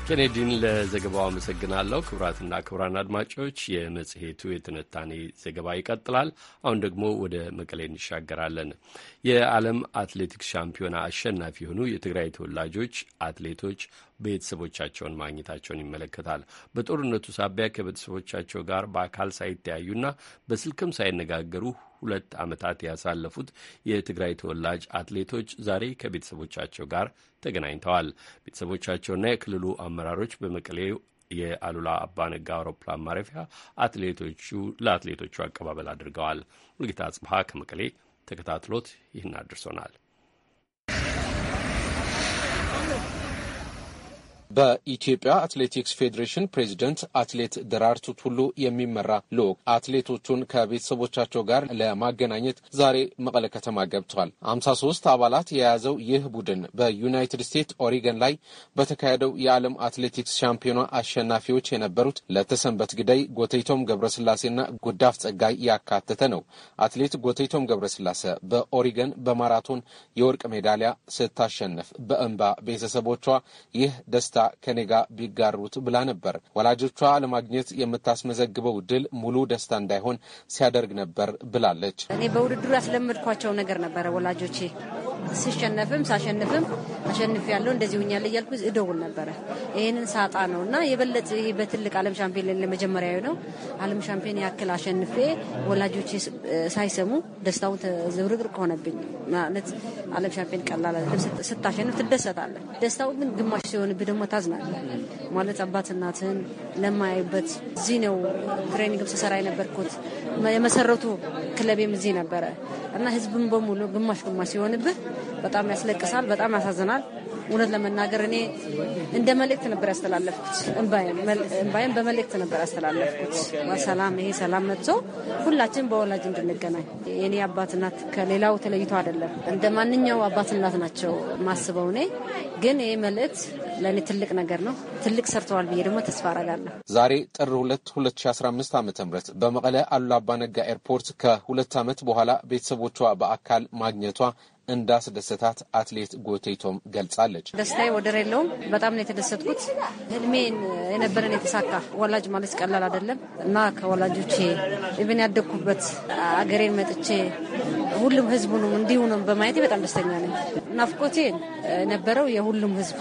ኬኔዲን ለዘገባው አመሰግናለሁ። ክቡራትና ክቡራን አድማጮች የመጽሔቱ የትንታኔ ዘገባ ይቀጥላል። አሁን ደግሞ ወደ መቀሌ እንሻገራለን። የዓለም አትሌቲክስ ሻምፒዮና አሸናፊ የሆኑ የትግራይ ተወላጆች አትሌቶች ቤተሰቦቻቸውን ማግኘታቸውን ይመለከታል። በጦርነቱ ሳቢያ ከቤተሰቦቻቸው ጋር በአካል ሳይተያዩና በስልክም ሳይነጋገሩ ሁለት ዓመታት ያሳለፉት የትግራይ ተወላጅ አትሌቶች ዛሬ ከቤተሰቦቻቸው ጋር ተገናኝተዋል። ቤተሰቦቻቸውና የክልሉ አመራሮች በመቀሌው የአሉላ አባነጋ አውሮፕላን ማረፊያ አትሌቶቹ ለአትሌቶቹ አቀባበል አድርገዋል። ሙልጌታ ጽብሃ ከመቀሌ
ተከታትሎት ይህን አድርሶናል። በኢትዮጵያ አትሌቲክስ ፌዴሬሽን ፕሬዚደንት አትሌት ደራርቱ ቱሉ የሚመራ ልዑክ አትሌቶቹን ከቤተሰቦቻቸው ጋር ለማገናኘት ዛሬ መቀለ ከተማ ገብተዋል። አምሳ ሶስት አባላት የያዘው ይህ ቡድን በዩናይትድ ስቴትስ ኦሪገን ላይ በተካሄደው የዓለም አትሌቲክስ ሻምፒዮና አሸናፊዎች የነበሩት ለተሰንበት ግዳይ፣ ጎተይቶም ገብረስላሴና ጉዳፍ ጸጋይ ያካተተ ነው። አትሌት ጎተይቶም ገብረስላሴ በኦሪገን በማራቶን የወርቅ ሜዳሊያ ስታሸንፍ በእንባ ቤተሰቦቿ ይህ ደስታ ከኔ ጋር ቢጋሩት ብላ ነበር። ወላጆቿ ለማግኘት የምታስመዘግበው ድል ሙሉ ደስታ እንዳይሆን ሲያደርግ ነበር ብላለች። እኔ በውድድሩ
ያስለመድኳቸው ነገር ነበረ ወላጆቼ ሲሸነፍም ሳሸንፍም አሸንፍ ያለው እንደዚህ ሆኛለሁ እያልኩ እደውል ነበረ። ይህንን ሳጣ ነው እና የበለጠ ይሄ በትልቅ ዓለም ሻምፒዮን ለመጀመሪያዊ ነው ዓለም ሻምፒዮን ያክል አሸንፌ ወላጆቼ ሳይሰሙ ደስታውን ዝብርቅርቅ ሆነብኝ። ማለት ዓለም ሻምፒዮን ቀላል አይደለም። ስታሸንፍ ትደሰታለ። ደስታው ግን ግማሽ ሲሆንብህ ደግሞ ታዝናለ። ማለት አባት እናትህን ለማያዩበት እዚህ ነው ትሬኒንግም ስሰራ የነበርኩት የመሰረቱ ክለቤም እዚህ ነበረ እና ህዝብም በሙሉ ግማሽ ግማሽ ሲሆንብህ በጣም ያስለቅሳል፣ በጣም ያሳዝናል። እውነት ለመናገር እኔ እንደ መልእክት ነበር ያስተላለፍኩት። እምባይም በመልእክት ነበር ያስተላለፍኩት። ሰላም ይሄ ሰላም መጥቶ ሁላችን በወላጅ እንድንገናኝ። የእኔ አባትናት ከሌላው ተለይቶ አይደለም፣ እንደ ማንኛው አባትናት ናቸው ማስበው። እኔ ግን ይህ መልእክት ለእኔ ትልቅ ነገር ነው። ትልቅ ሰርተዋል ብዬ ደግሞ ተስፋ አረጋለሁ።
ዛሬ ጥር ሁለት ሁለት ሺ በመቀለ አሉላ አባ ነጋ ኤርፖርት ከሁለት ዓመት በኋላ ቤተሰቦቿ በአካል ማግኘቷ እንዳስደሰታት አትሌት ጎቴቶም ገልጻለች። ደስታዬ
ወደር የለውም። በጣም ነው የተደሰትኩት። ህልሜን የነበረን የተሳካ ወላጅ ማለት ቀላል አይደለም እና ከወላጆቼ እብን ያደግኩበት አገሬን መጥቼ ሁሉም ህዝቡንም እንዲሁ ነው በማየቴ በጣም ደስተኛ ነኝ። ናፍቆቴን የነበረው የሁሉም ህዝብ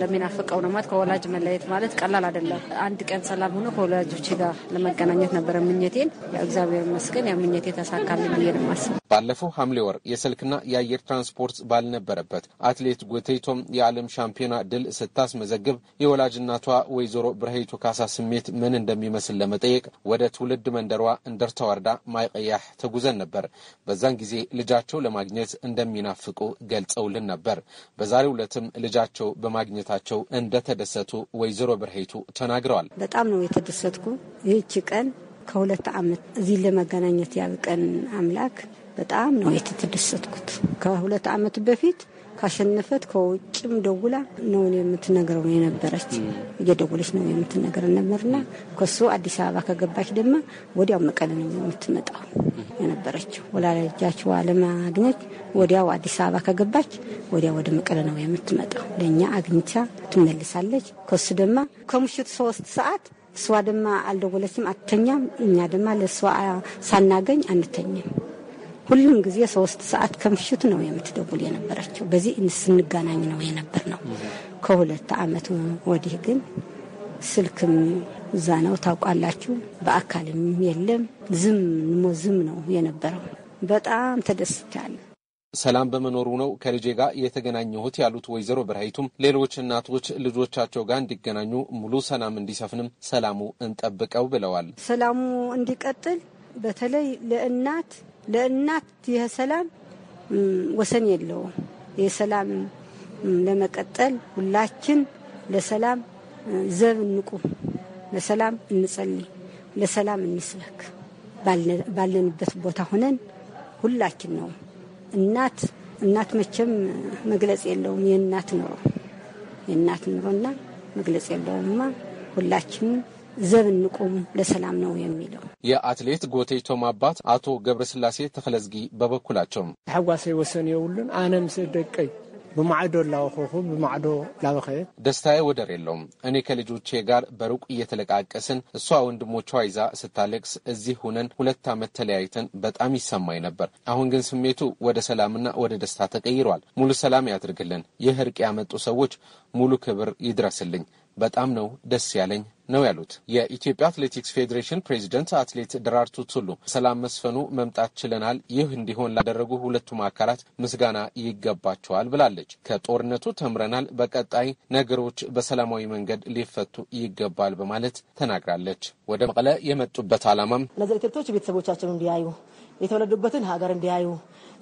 ለሚናፍቀው ነው ማለት ከወላጅ መለየት ማለት ቀላል አይደለም። አንድ ቀን ሰላም ሆኖ ከወላጆች ጋር ለመገናኘት ነበረ ምኘቴን። እግዚአብሔር ይመስገን ያ ምኘቴ ተሳካልን ብዬ ነው የማስበው።
ባለፈው ሐምሌ ወር የስልክና የአየር ትራንስፖርት ባልነበረበት አትሌት ጎቴይቶም የዓለም ሻምፒዮና ድል ስታስመዘግብ የወላጅ እናቷ ወይዘሮ ብርሃይቱ ካሳ ስሜት ምን እንደሚመስል ለመጠየቅ ወደ ትውልድ መንደሯ እንደርታ ወረዳ ማይቀያህ ተጉዘን ነበር። በዛን ጊዜ ልጃቸው ለማግኘት እንደሚናፍቁ ገልጸውልን ነበር። በዛሬ ዕለትም ልጃቸው በማግኘታቸው እንደተደሰቱ ወይዘሮ ብርሃይቱ ተናግረዋል።
በጣም ነው የተደሰትኩ። ይህች ቀን ከሁለት ዓመት እዚህ ለመገናኘት ያብቀን አምላክ በጣም ነው የተደሰትኩት። ከሁለት ዓመት በፊት ካሸነፈት ከውጭም ደውላ ነው የምትነግረው የነበረች እየደውለች ነው የምትነግረን ነበርና ከሱ አዲስ አበባ ከገባች ደግሞ ወዲያው መቀለ ነው የምትመጣው የነበረችው። ወላጃችዋ ለማግኘት ወዲያው አዲስ አበባ ከገባች ወዲያ ወደ መቀለ ነው የምትመጣው። ለእኛ አግኝቻ ትመልሳለች። ከሱ ደግሞ ከምሽቱ ሶስት ሰዓት እሷ ደማ አልደወለችም፣ አትተኛም። እኛ ደማ ለእሷ ሳናገኝ አንተኝም። ሁሉም ጊዜ ሶስት ሰዓት ከምሽቱ ነው የምትደውል የነበረችው። በዚህ ስንገናኝ ነው የነበር ነው። ከሁለት አመት ወዲህ ግን ስልክም እዛ ነው ታውቃላችሁ፣ በአካልም የለም። ዝም ሞ ዝም ነው የነበረው። በጣም ተደስቻለሁ።
ሰላም በመኖሩ ነው ከልጄ ጋር የተገናኘሁት ያሉት ወይዘሮ ብርሃይቱም ሌሎች እናቶች ልጆቻቸው ጋር እንዲገናኙ ሙሉ ሰላም እንዲሰፍንም ሰላሙ እንጠብቀው ብለዋል።
ሰላሙ እንዲቀጥል በተለይ ለእናት ለእናት የሰላም ወሰን የለውም። የሰላም ሰላም ለመቀጠል ሁላችን ለሰላም ዘብ እንቁም፣ ለሰላም እንጸልይ፣ ለሰላም እንስበክ። ባለንበት ቦታ ሆነን ሁላችን ነው እናት እናት መቼም መግለጽ የለውም። የእናት ኑሮ የእናት ኑሮና መግለጽ የለውምማ ሁላችንም ዘብ እንቁም ለሰላም ነው የሚለው
የአትሌት ጎቴ ቶም አባት አቶ ገብረስላሴ ተፈለዝጊ በበኩላቸው
ተሐጓሰይ ወሰን የውሉን አነም ደቀይ ብማዕዶ ላወኸኹ ብማዕዶ
ላበኸ ደስታዬ ወደር የለውም። እኔ ከልጆቼ ጋር በሩቅ እየተለቃቀስን እሷ ወንድሞቿ ይዛ ስታለቅስ እዚህ ሁነን ሁለት ዓመት ተለያይተን በጣም ይሰማኝ ነበር። አሁን ግን ስሜቱ ወደ ሰላምና ወደ ደስታ ተቀይሯል። ሙሉ ሰላም ያድርግልን። ይህ እርቅ ያመጡ ሰዎች ሙሉ ክብር ይድረስልኝ። በጣም ነው ደስ ያለኝ ነው ያሉት። የኢትዮጵያ አትሌቲክስ ፌዴሬሽን ፕሬዚደንት አትሌት ደራርቱ ቱሉ ሰላም መስፈኑ መምጣት ችለናል፣ ይህ እንዲሆን ላደረጉ ሁለቱም አካላት ምስጋና ይገባቸዋል ብላለች። ከጦርነቱ ተምረናል፣ በቀጣይ ነገሮች በሰላማዊ መንገድ ሊፈቱ ይገባል በማለት ተናግራለች። ወደ መቀለ የመጡበት ዓላማም
እነዚህ አትሌቶች ቤተሰቦቻቸውን እንዲያዩ፣ የተወለዱበትን ሀገር እንዲያዩ፣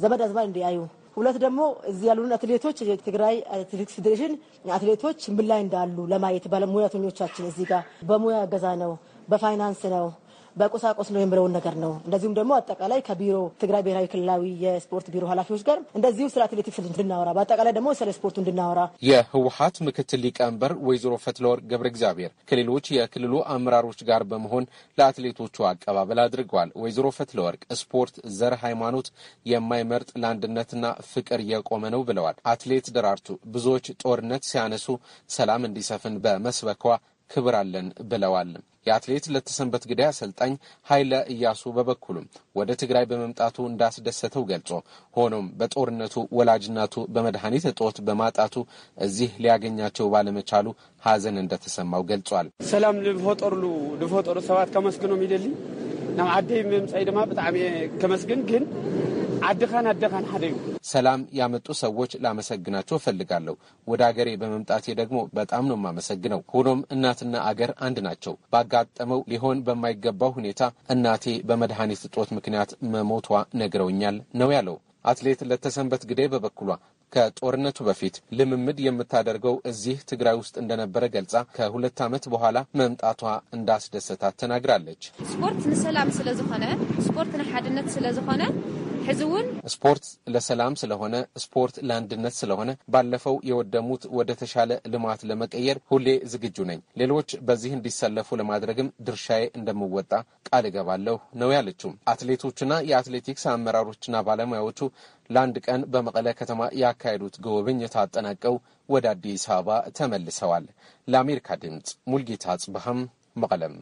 ዘመድ አዝማድ እንዲያዩ ሁለት ደግሞ እዚህ ያሉን አትሌቶች የትግራይ አትሌቲክስ ፌዴሬሽን አትሌቶች ምን ላይ እንዳሉ ለማየት ባለሙያተኞቻችን እዚህ ጋር በሙያ ገዛ ነው፣ በፋይናንስ ነው በቁሳቁስ ነው የምለውን ነገር ነው። እንደዚሁም ደግሞ አጠቃላይ ከቢሮ ትግራይ ብሔራዊ ክልላዊ የስፖርት ቢሮ ኃላፊዎች ጋር እንደዚሁ ስለ አትሌቲክስ እንድናወራ በአጠቃላይ ደግሞ ስለ ስፖርቱ እንድናወራ
የህወሀት ምክትል ሊቀመንበር ወይዘሮ ፈትለወርቅ ገብረ እግዚአብሔር ከሌሎች የክልሉ አመራሮች ጋር በመሆን ለአትሌቶቹ አቀባበል አድርገዋል። ወይዘሮ ፈትለወርቅ ስፖርት ዘር፣ ሃይማኖት የማይመርጥ ለአንድነትና ፍቅር የቆመ ነው ብለዋል። አትሌት ደራርቱ ብዙዎች ጦርነት ሲያነሱ ሰላም እንዲሰፍን በመስበኳ ክብር አለን ብለዋል። የአትሌት ለተሰንበት ግዳይ አሰልጣኝ ኃይለ እያሱ በበኩሉም ወደ ትግራይ በመምጣቱ እንዳስደሰተው ገልጾ ሆኖም በጦርነቱ ወላጅናቱ በመድኃኒት እጦት በማጣቱ እዚህ ሊያገኛቸው ባለመቻሉ ሐዘን እንደተሰማው ገልጿል።
ሰላም ዝፈጠርሉ ዝፈጠሩ ሰባት
ከመስግኖም ይደልኝ ናብ ዓደይ ምምፃይ ድማ ብጣዕሚ ከመስግን ግን አድኸን አድኸን ሓደ እዩ ሰላም ያመጡ ሰዎች ላመሰግናቸው እፈልጋለሁ። ወደ አገሬ በመምጣቴ ደግሞ በጣም ነው የማመሰግነው። ሆኖም እናትና አገር አንድ ናቸው። ባጋጠመው ሊሆን በማይገባው ሁኔታ እናቴ በመድኃኒት እጦት ምክንያት መሞቷ ነግረውኛል ነው ያለው። አትሌት ለተሰንበት ግዴ በበኩሏ ከጦርነቱ በፊት ልምምድ የምታደርገው እዚህ ትግራይ ውስጥ እንደነበረ ገልጻ ከሁለት ዓመት በኋላ መምጣቷ እንዳስደሰታት ተናግራለች።
ስፖርት ንሰላም ስለዝኾነ ስፖርት ንሓድነት ስለዝኾነ ሕዝውን
ስፖርት ለሰላም ስለሆነ ስፖርት ለአንድነት ስለሆነ ባለፈው የወደሙት ወደ ተሻለ ልማት ለመቀየር ሁሌ ዝግጁ ነኝ። ሌሎች በዚህ እንዲሰለፉ ለማድረግም ድርሻዬ እንደምወጣ ቃል እገባለሁ ነው ያለችው። አትሌቶቹና የአትሌቲክስ አመራሮችና ባለሙያዎቹ ለአንድ ቀን በመቀለ ከተማ ያካሄዱት ጉብኝት አጠናቀው ወደ አዲስ አበባ ተመልሰዋል። ለአሜሪካ ድምፅ ሙልጌታ አጽብሃም መቀለም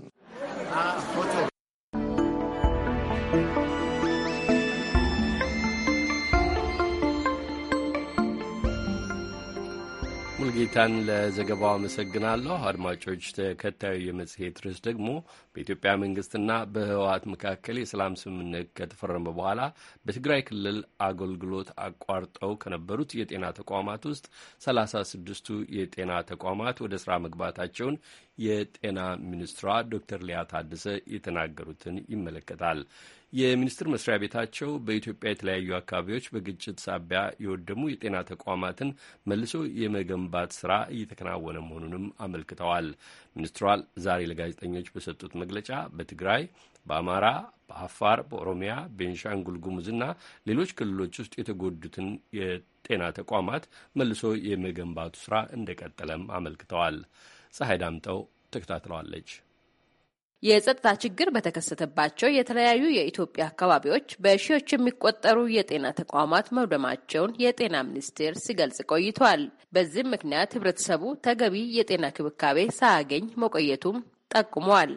ሙልጌታን ለዘገባው አመሰግናለሁ። አድማጮች፣ ተከታዩ የመጽሔት ርዕስ ደግሞ በኢትዮጵያ መንግስትና በህወሓት መካከል የሰላም ስምምነት ከተፈረመ በኋላ በትግራይ ክልል አገልግሎት አቋርጠው ከነበሩት የጤና ተቋማት ውስጥ ሰላሳ ስድስቱ የጤና ተቋማት ወደ ስራ መግባታቸውን የጤና ሚኒስትሯ ዶክተር ሊያ ታደሰ የተናገሩትን ይመለከታል። የሚኒስትር መስሪያ ቤታቸው በኢትዮጵያ የተለያዩ አካባቢዎች በግጭት ሳቢያ የወደሙ የጤና ተቋማትን መልሶ የመገንባት ስራ እየተከናወነ መሆኑንም አመልክተዋል። ሚኒስትሯ ዛሬ ለጋዜጠኞች በሰጡት መግለጫ በትግራይ፣ በአማራ፣ በአፋር፣ በኦሮሚያ፣ ቤንሻንጉል ጉሙዝና ሌሎች ክልሎች ውስጥ የተጎዱትን የጤና ተቋማት መልሶ የመገንባቱ ስራ እንደቀጠለም አመልክተዋል። ፀሐይ ዳምጠው ተከታትለዋለች።
የጸጥታ ችግር በተከሰተባቸው የተለያዩ የኢትዮጵያ አካባቢዎች በሺዎች የሚቆጠሩ የጤና ተቋማት መውደማቸውን የጤና ሚኒስቴር ሲገልጽ ቆይቷል። በዚህም ምክንያት ህብረተሰቡ ተገቢ የጤና ክብካቤ ሳያገኝ መቆየቱም ጠቁሟል።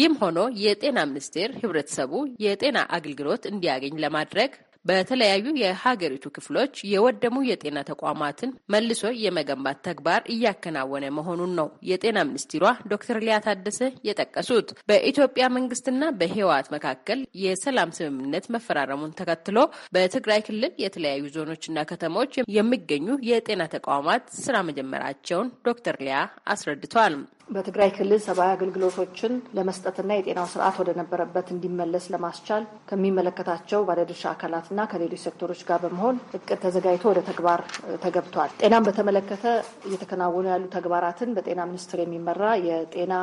ይህም ሆኖ የጤና ሚኒስቴር ህብረተሰቡ የጤና አገልግሎት እንዲያገኝ ለማድረግ በተለያዩ የሀገሪቱ ክፍሎች የወደሙ የጤና ተቋማትን መልሶ የመገንባት ተግባር እያከናወነ መሆኑን ነው የጤና ሚኒስትሯ ዶክተር ሊያ ታደሰ የጠቀሱት። በኢትዮጵያ መንግስትና በህወሓት መካከል የሰላም ስምምነት መፈራረሙን ተከትሎ በትግራይ ክልል የተለያዩ ዞኖችና ከተሞች የሚገኙ የጤና ተቋማት ስራ መጀመራቸውን ዶክተር ሊያ አስረድተዋል።
በትግራይ ክልል ሰብአዊ አገልግሎቶችን ለመስጠትና የጤናው ስርዓት ወደ ነበረበት እንዲመለስ ለማስቻል ከሚመለከታቸው ባለድርሻ አካላትና ከሌሎች ሴክተሮች ጋር በመሆን እቅድ ተዘጋጅቶ ወደ ተግባር ተገብቷል። ጤናን በተመለከተ እየተከናወኑ ያሉ ተግባራትን በጤና ሚኒስቴር የሚመራ የጤና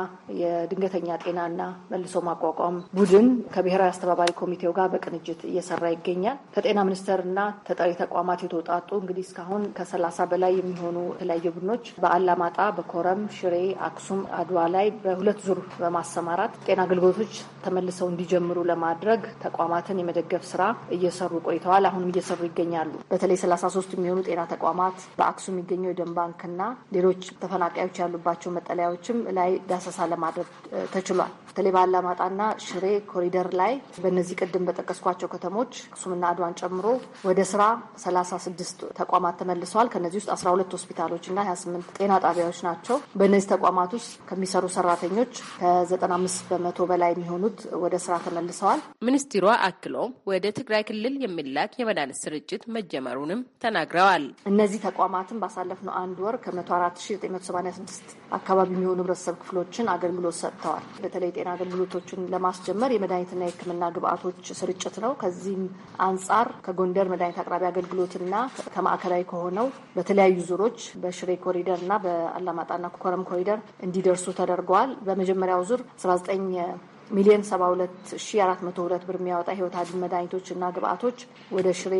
የድንገተኛ ጤናና መልሶ ማቋቋም ቡድን ከብሔራዊ አስተባባሪ ኮሚቴው ጋር በቅንጅት እየሰራ ይገኛል። ከጤና ሚኒስቴርና ተጠሪ ተቋማት የተውጣጡ እንግዲህ እስካሁን ከሰላሳ በላይ የሚሆኑ የተለያዩ ቡድኖች በአላማጣ፣ በኮረም፣ ሽሬ፣ አክሱ እሱም አድዋ ላይ በሁለት ዙር በማሰማራት ጤና አገልግሎቶች ተመልሰው እንዲጀምሩ ለማድረግ ተቋማትን የመደገፍ ስራ እየሰሩ ቆይተዋል። አሁንም እየሰሩ ይገኛሉ። በተለይ 33 የሚሆኑ ጤና ተቋማት በአክሱም የሚገኘው የደም ባንክና ሌሎች ተፈናቃዮች ያሉባቸው መጠለያዎችም ላይ ዳሰሳ ለማድረግ ተችሏል። በተለይ በአላማጣና ሽሬ ኮሪደር ላይ በእነዚህ ቅድም በጠቀስኳቸው ከተሞች አክሱምና አድዋን ጨምሮ ወደ ስራ 36 ተቋማት ተመልሰዋል። ከነዚህ ውስጥ 12 ሆስፒታሎች እና 28 ጤና ጣቢያዎች ናቸው። በእነዚህ ተቋማት ውስጥ ከሚሰሩ ሰራተኞች ከ95 በመቶ በላይ
የሚሆኑት ወደ ስራ ተመልሰዋል። ሚኒስትሯ አክሎም ወደ ትግራይ ክልል የሚላክ የመድኃኒት ስርጭት መጀመሩንም ተናግረዋል። እነዚህ ተቋማትን ባሳለፍነው አንድ ወር
ከ14986 አካባቢ የሚሆኑ ህብረተሰብ ክፍሎችን አገልግሎት ሰጥተዋል። በተለይ የጤና አገልግሎቶችን ለማስጀመር የመድኃኒትና የሕክምና ግብአቶች ስርጭት ነው። ከዚህም አንጻር ከጎንደር መድኃኒት አቅራቢ አገልግሎትና ከማዕከላዊ ከሆነው በተለያዩ ዙሮች በሽሬ ኮሪደርና በአላማጣና ኮረም ኮሪደር እንዲደርሱ ተደርገዋል። በመጀመሪያው ዙር 19 ሚሊዮን 72402 ብር የሚያወጣ ህይወት አድን መድኃኒቶች እና ግብአቶች ወደ ሽሬ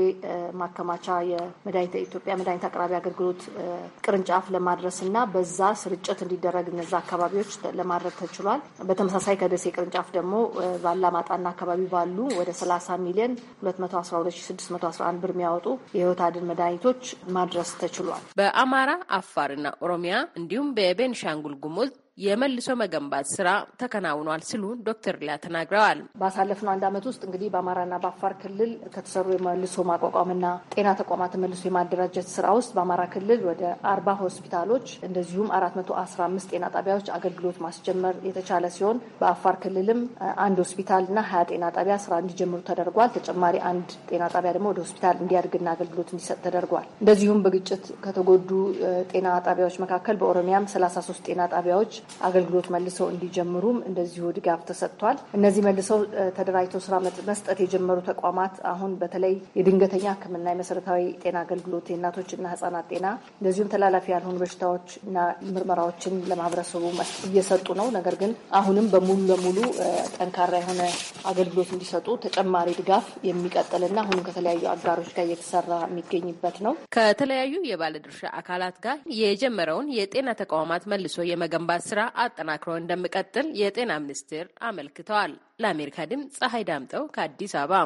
ማከማቻ የመድኃኒት ኢትዮጵያ መድኃኒት አቅራቢ አገልግሎት ቅርንጫፍ ለማድረስ እና በዛ ስርጭት እንዲደረግ እነዛ አካባቢዎች ለማድረግ ተችሏል። በተመሳሳይ ከደሴ ቅርንጫፍ ደግሞ ባላማጣና አካባቢ ባሉ ወደ 30 ሚሊዮን 212611 ብር የሚያወጡ የህይወት አድን መድኃኒቶች ማድረስ ተችሏል።
በአማራ አፋርና ኦሮሚያ እንዲሁም በቤንሻንጉል ጉሙዝ የመልሶ መገንባት ስራ ተከናውኗል ሲሉ ዶክተር ሊያ ተናግረዋል። ባሳለፍነው አንድ ዓመት ውስጥ እንግዲህ በአማራና በአፋር ክልል ከተሰሩ የመልሶ
ማቋቋምና ጤና ተቋማት መልሶ የማደራጀት ስራ ውስጥ በአማራ ክልል ወደ አርባ ሆስፒታሎች እንደዚሁም አራት መቶ አስራ አምስት ጤና ጣቢያዎች አገልግሎት ማስጀመር የተቻለ ሲሆን በአፋር ክልልም አንድ ሆስፒታልና ሀያ ጤና ጣቢያ ስራ እንዲጀምሩ ተደርጓል። ተጨማሪ አንድ ጤና ጣቢያ ደግሞ ወደ ሆስፒታል እንዲያድግና አገልግሎት እንዲሰጥ ተደርጓል። እንደዚሁም በግጭት ከተጎዱ ጤና ጣቢያዎች መካከል በኦሮሚያም ሰላሳ ሶስት ጤና ጣቢያዎች አገልግሎት መልሰው እንዲጀምሩም እንደዚሁ ድጋፍ ተሰጥቷል። እነዚህ መልሰው ተደራጅተው ስራ መስጠት የጀመሩ ተቋማት አሁን በተለይ የድንገተኛ ሕክምና የመሰረታዊ ጤና አገልግሎት፣ የእናቶችና ህጻናት ጤና እንደዚሁም ተላላፊ ያልሆኑ በሽታዎች እና ምርመራዎችን ለማህበረሰቡ እየሰጡ ነው። ነገር ግን አሁንም በሙሉ ለሙሉ ጠንካራ የሆነ አገልግሎት እንዲሰጡ ተጨማሪ ድጋፍ የሚቀጥልና አሁንም ከተለያዩ አጋሮች ጋር እየተሰራ የሚገኝበት ነው።
ከተለያዩ የባለድርሻ አካላት ጋር የጀመረውን የጤና ተቋማት መልሶ የመገንባት ስራ ስራ አጠናክሮ እንደሚቀጥል የጤና ሚኒስቴር አመልክተዋል። ለአሜሪካ ድምፅ ፀሐይ ዳምጠው ከአዲስ አበባ።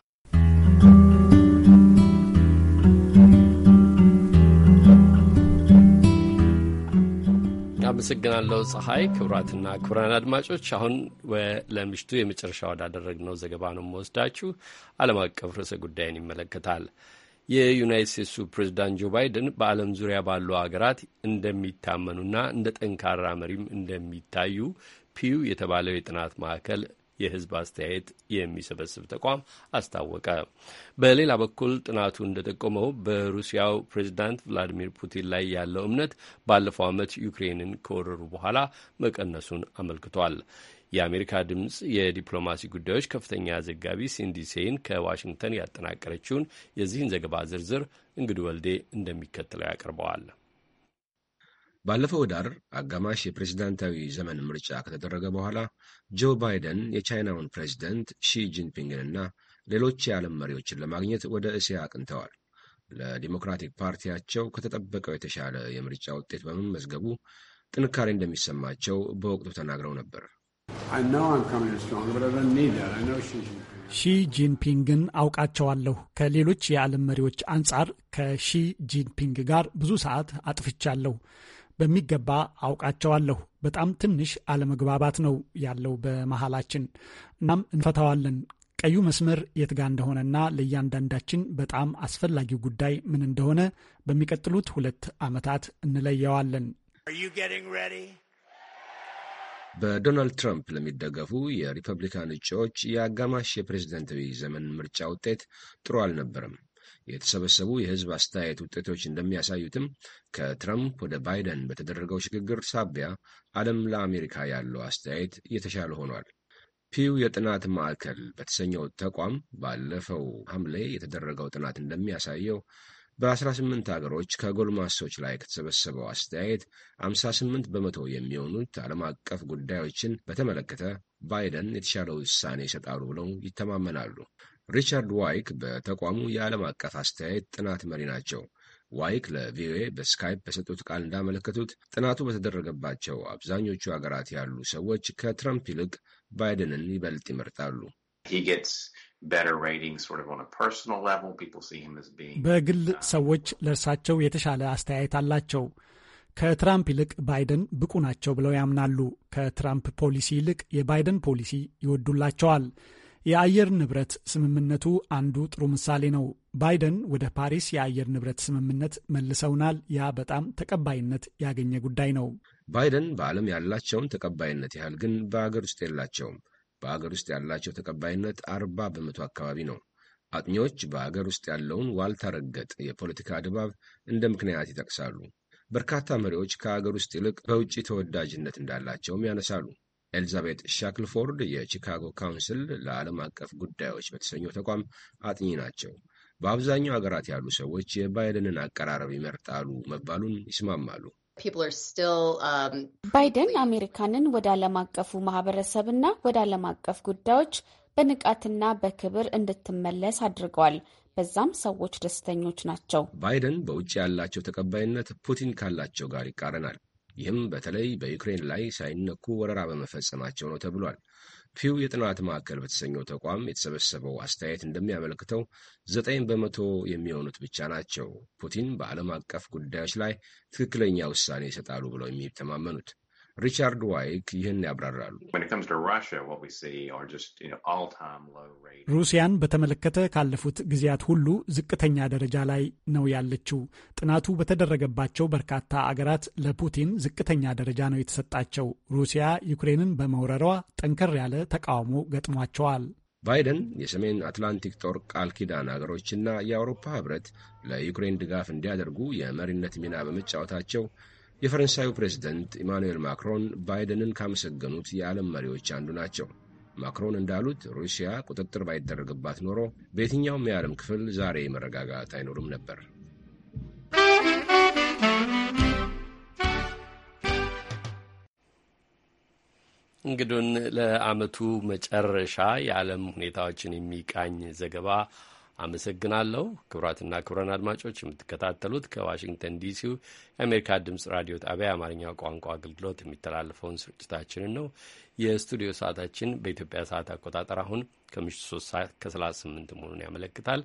አመሰግናለሁ ፀሐይ። ክቡራትና ክቡራን አድማጮች አሁን ለምሽቱ የመጨረሻ ወዳደረግነው ዘገባ ነው መወስዳችሁ። ዓለም አቀፍ ርዕሰ ጉዳይን ይመለከታል። የዩናይት ስቴትሱ ፕሬዚዳንት ጆ ባይደን በዓለም ዙሪያ ባሉ ሀገራት እንደሚታመኑና እንደ ጠንካራ መሪም እንደሚታዩ ፒዩ የተባለው የጥናት ማዕከል የሕዝብ አስተያየት የሚሰበስብ ተቋም አስታወቀ። በሌላ በኩል ጥናቱ እንደጠቆመው በሩሲያው ፕሬዚዳንት ቭላዲሚር ፑቲን ላይ ያለው እምነት ባለፈው ዓመት ዩክሬንን ከወረሩ በኋላ መቀነሱን አመልክቷል። የአሜሪካ ድምፅ የዲፕሎማሲ ጉዳዮች ከፍተኛ ዘጋቢ ሲንዲ ሴይን ከዋሽንግተን ያጠናቀረችውን የዚህን ዘገባ ዝርዝር እንግዲ ወልዴ እንደሚከተለው ያቀርበዋል።
ባለፈው ዳር አጋማሽ የፕሬዚዳንታዊ ዘመን ምርጫ ከተደረገ በኋላ ጆ ባይደን የቻይናውን ፕሬዚደንት ሺ ጂንፒንግንና ሌሎች የዓለም መሪዎችን ለማግኘት ወደ እስያ አቅንተዋል። ለዲሞክራቲክ ፓርቲያቸው ከተጠበቀው የተሻለ የምርጫ ውጤት በመመዝገቡ ጥንካሬ እንደሚሰማቸው በወቅቱ ተናግረው ነበር።
ሺ ጂንፒንግን አውቃቸዋለሁ። ከሌሎች የዓለም መሪዎች አንጻር ከሺ ጂንፒንግ ጋር ብዙ ሰዓት አጥፍቻለሁ። በሚገባ አውቃቸዋለሁ። በጣም ትንሽ አለመግባባት ነው ያለው በመሃላችን። እናም እንፈታዋለን። ቀዩ መስመር የት ጋ እንደሆነና ለእያንዳንዳችን በጣም አስፈላጊው ጉዳይ ምን እንደሆነ በሚቀጥሉት ሁለት ዓመታት እንለየዋለን።
በዶናልድ ትራምፕ ለሚደገፉ የሪፐብሊካን እጩዎች የአጋማሽ የፕሬዝደንታዊ ዘመን ምርጫ ውጤት ጥሩ አልነበረም። የተሰበሰቡ የሕዝብ አስተያየት ውጤቶች እንደሚያሳዩትም ከትራምፕ ወደ ባይደን በተደረገው ሽግግር ሳቢያ ዓለም ለአሜሪካ ያለው አስተያየት የተሻለ ሆኗል። ፒው የጥናት ማዕከል በተሰኘው ተቋም ባለፈው ሐምሌ የተደረገው ጥናት እንደሚያሳየው በ18 ሀገሮች ከጎልማሶች ላይ ከተሰበሰበው አስተያየት 58 በመቶ የሚሆኑት ዓለም አቀፍ ጉዳዮችን በተመለከተ ባይደን የተሻለ ውሳኔ ይሰጣሉ ብለው ይተማመናሉ። ሪቻርድ ዋይክ በተቋሙ የዓለም አቀፍ አስተያየት ጥናት መሪ ናቸው። ዋይክ ለቪኦኤ በስካይፕ በሰጡት ቃል እንዳመለከቱት ጥናቱ በተደረገባቸው አብዛኞቹ ሀገራት ያሉ ሰዎች ከትረምፕ ይልቅ ባይደንን ይበልጥ ይመርጣሉ።
በግል uh, ሰዎች ለእርሳቸው የተሻለ አስተያየት አላቸው። ከትራምፕ ይልቅ ባይደን ብቁ ናቸው ብለው ያምናሉ። ከትራምፕ ፖሊሲ ይልቅ የባይደን ፖሊሲ ይወዱላቸዋል። የአየር ንብረት ስምምነቱ አንዱ ጥሩ ምሳሌ ነው። ባይደን ወደ ፓሪስ የአየር ንብረት ስምምነት መልሰውናል። ያ በጣም ተቀባይነት ያገኘ ጉዳይ ነው።
ባይደን በዓለም ያላቸውን ተቀባይነት ያህል ግን በአገር ውስጥ የላቸውም። በአገር ውስጥ ያላቸው ተቀባይነት አርባ በመቶ አካባቢ ነው። አጥኚዎች በአገር ውስጥ ያለውን ዋልታ ረገጥ የፖለቲካ ድባብ እንደ ምክንያት ይጠቅሳሉ። በርካታ መሪዎች ከአገር ውስጥ ይልቅ በውጭ ተወዳጅነት እንዳላቸውም ያነሳሉ። ኤልዛቤት ሻክልፎርድ የቺካጎ ካውንስል ለዓለም አቀፍ ጉዳዮች በተሰኘው ተቋም አጥኚ ናቸው። በአብዛኛው ሀገራት ያሉ ሰዎች የባይደንን አቀራረብ ይመርጣሉ መባሉን ይስማማሉ። Um,
ባይደን አሜሪካንን ወደ ዓለም አቀፉ ማህበረሰብና ወደ ዓለም አቀፍ ጉዳዮች በንቃትና በክብር እንድትመለስ አድርገዋል። በዛም ሰዎች
ደስተኞች ናቸው። ባይደን በውጭ ያላቸው ተቀባይነት ፑቲን ካላቸው ጋር ይቃረናል። ይህም በተለይ በዩክሬን ላይ ሳይነኩ ወረራ በመፈጸማቸው ነው ተብሏል። ፒው የጥናት ማዕከል በተሰኘው ተቋም የተሰበሰበው አስተያየት እንደሚያመለክተው ዘጠኝ በመቶ የሚሆኑት ብቻ ናቸው ፑቲን በዓለም አቀፍ ጉዳዮች ላይ ትክክለኛ ውሳኔ ይሰጣሉ ብለው የሚተማመኑት። ሪቻርድ ዋይክ ይህን ያብራራሉ።
ሩሲያን በተመለከተ ካለፉት ጊዜያት ሁሉ ዝቅተኛ ደረጃ ላይ ነው ያለችው። ጥናቱ በተደረገባቸው በርካታ አገራት ለፑቲን ዝቅተኛ ደረጃ ነው የተሰጣቸው። ሩሲያ ዩክሬንን በመውረሯ ጠንከር ያለ ተቃውሞ ገጥሟቸዋል።
ባይደን የሰሜን አትላንቲክ ጦር ቃል ኪዳን አገሮችና የአውሮፓ ህብረት ለዩክሬን ድጋፍ እንዲያደርጉ የመሪነት ሚና በመጫወታቸው የፈረንሳዩ ፕሬዝደንት ኢማኑኤል ማክሮን ባይደንን ካመሰገኑት የዓለም መሪዎች አንዱ ናቸው። ማክሮን እንዳሉት ሩሲያ ቁጥጥር ባይደረግባት ኖሮ በየትኛውም የዓለም ክፍል ዛሬ መረጋጋት አይኖርም ነበር።
እንግዱን ለዓመቱ መጨረሻ የዓለም ሁኔታዎችን የሚቃኝ ዘገባ አመሰግናለሁ። ክቡራትና ክቡራን አድማጮች የምትከታተሉት ከዋሽንግተን ዲሲው የአሜሪካ ድምጽ ራዲዮ ጣቢያ የአማርኛ ቋንቋ አገልግሎት የሚተላለፈውን ስርጭታችንን ነው። የስቱዲዮ ሰዓታችን በኢትዮጵያ ሰዓት አቆጣጠር አሁን ከምሽቱ ሶስት ሰዓት ከሰላሳ ስምንት መሆኑን ያመለክታል።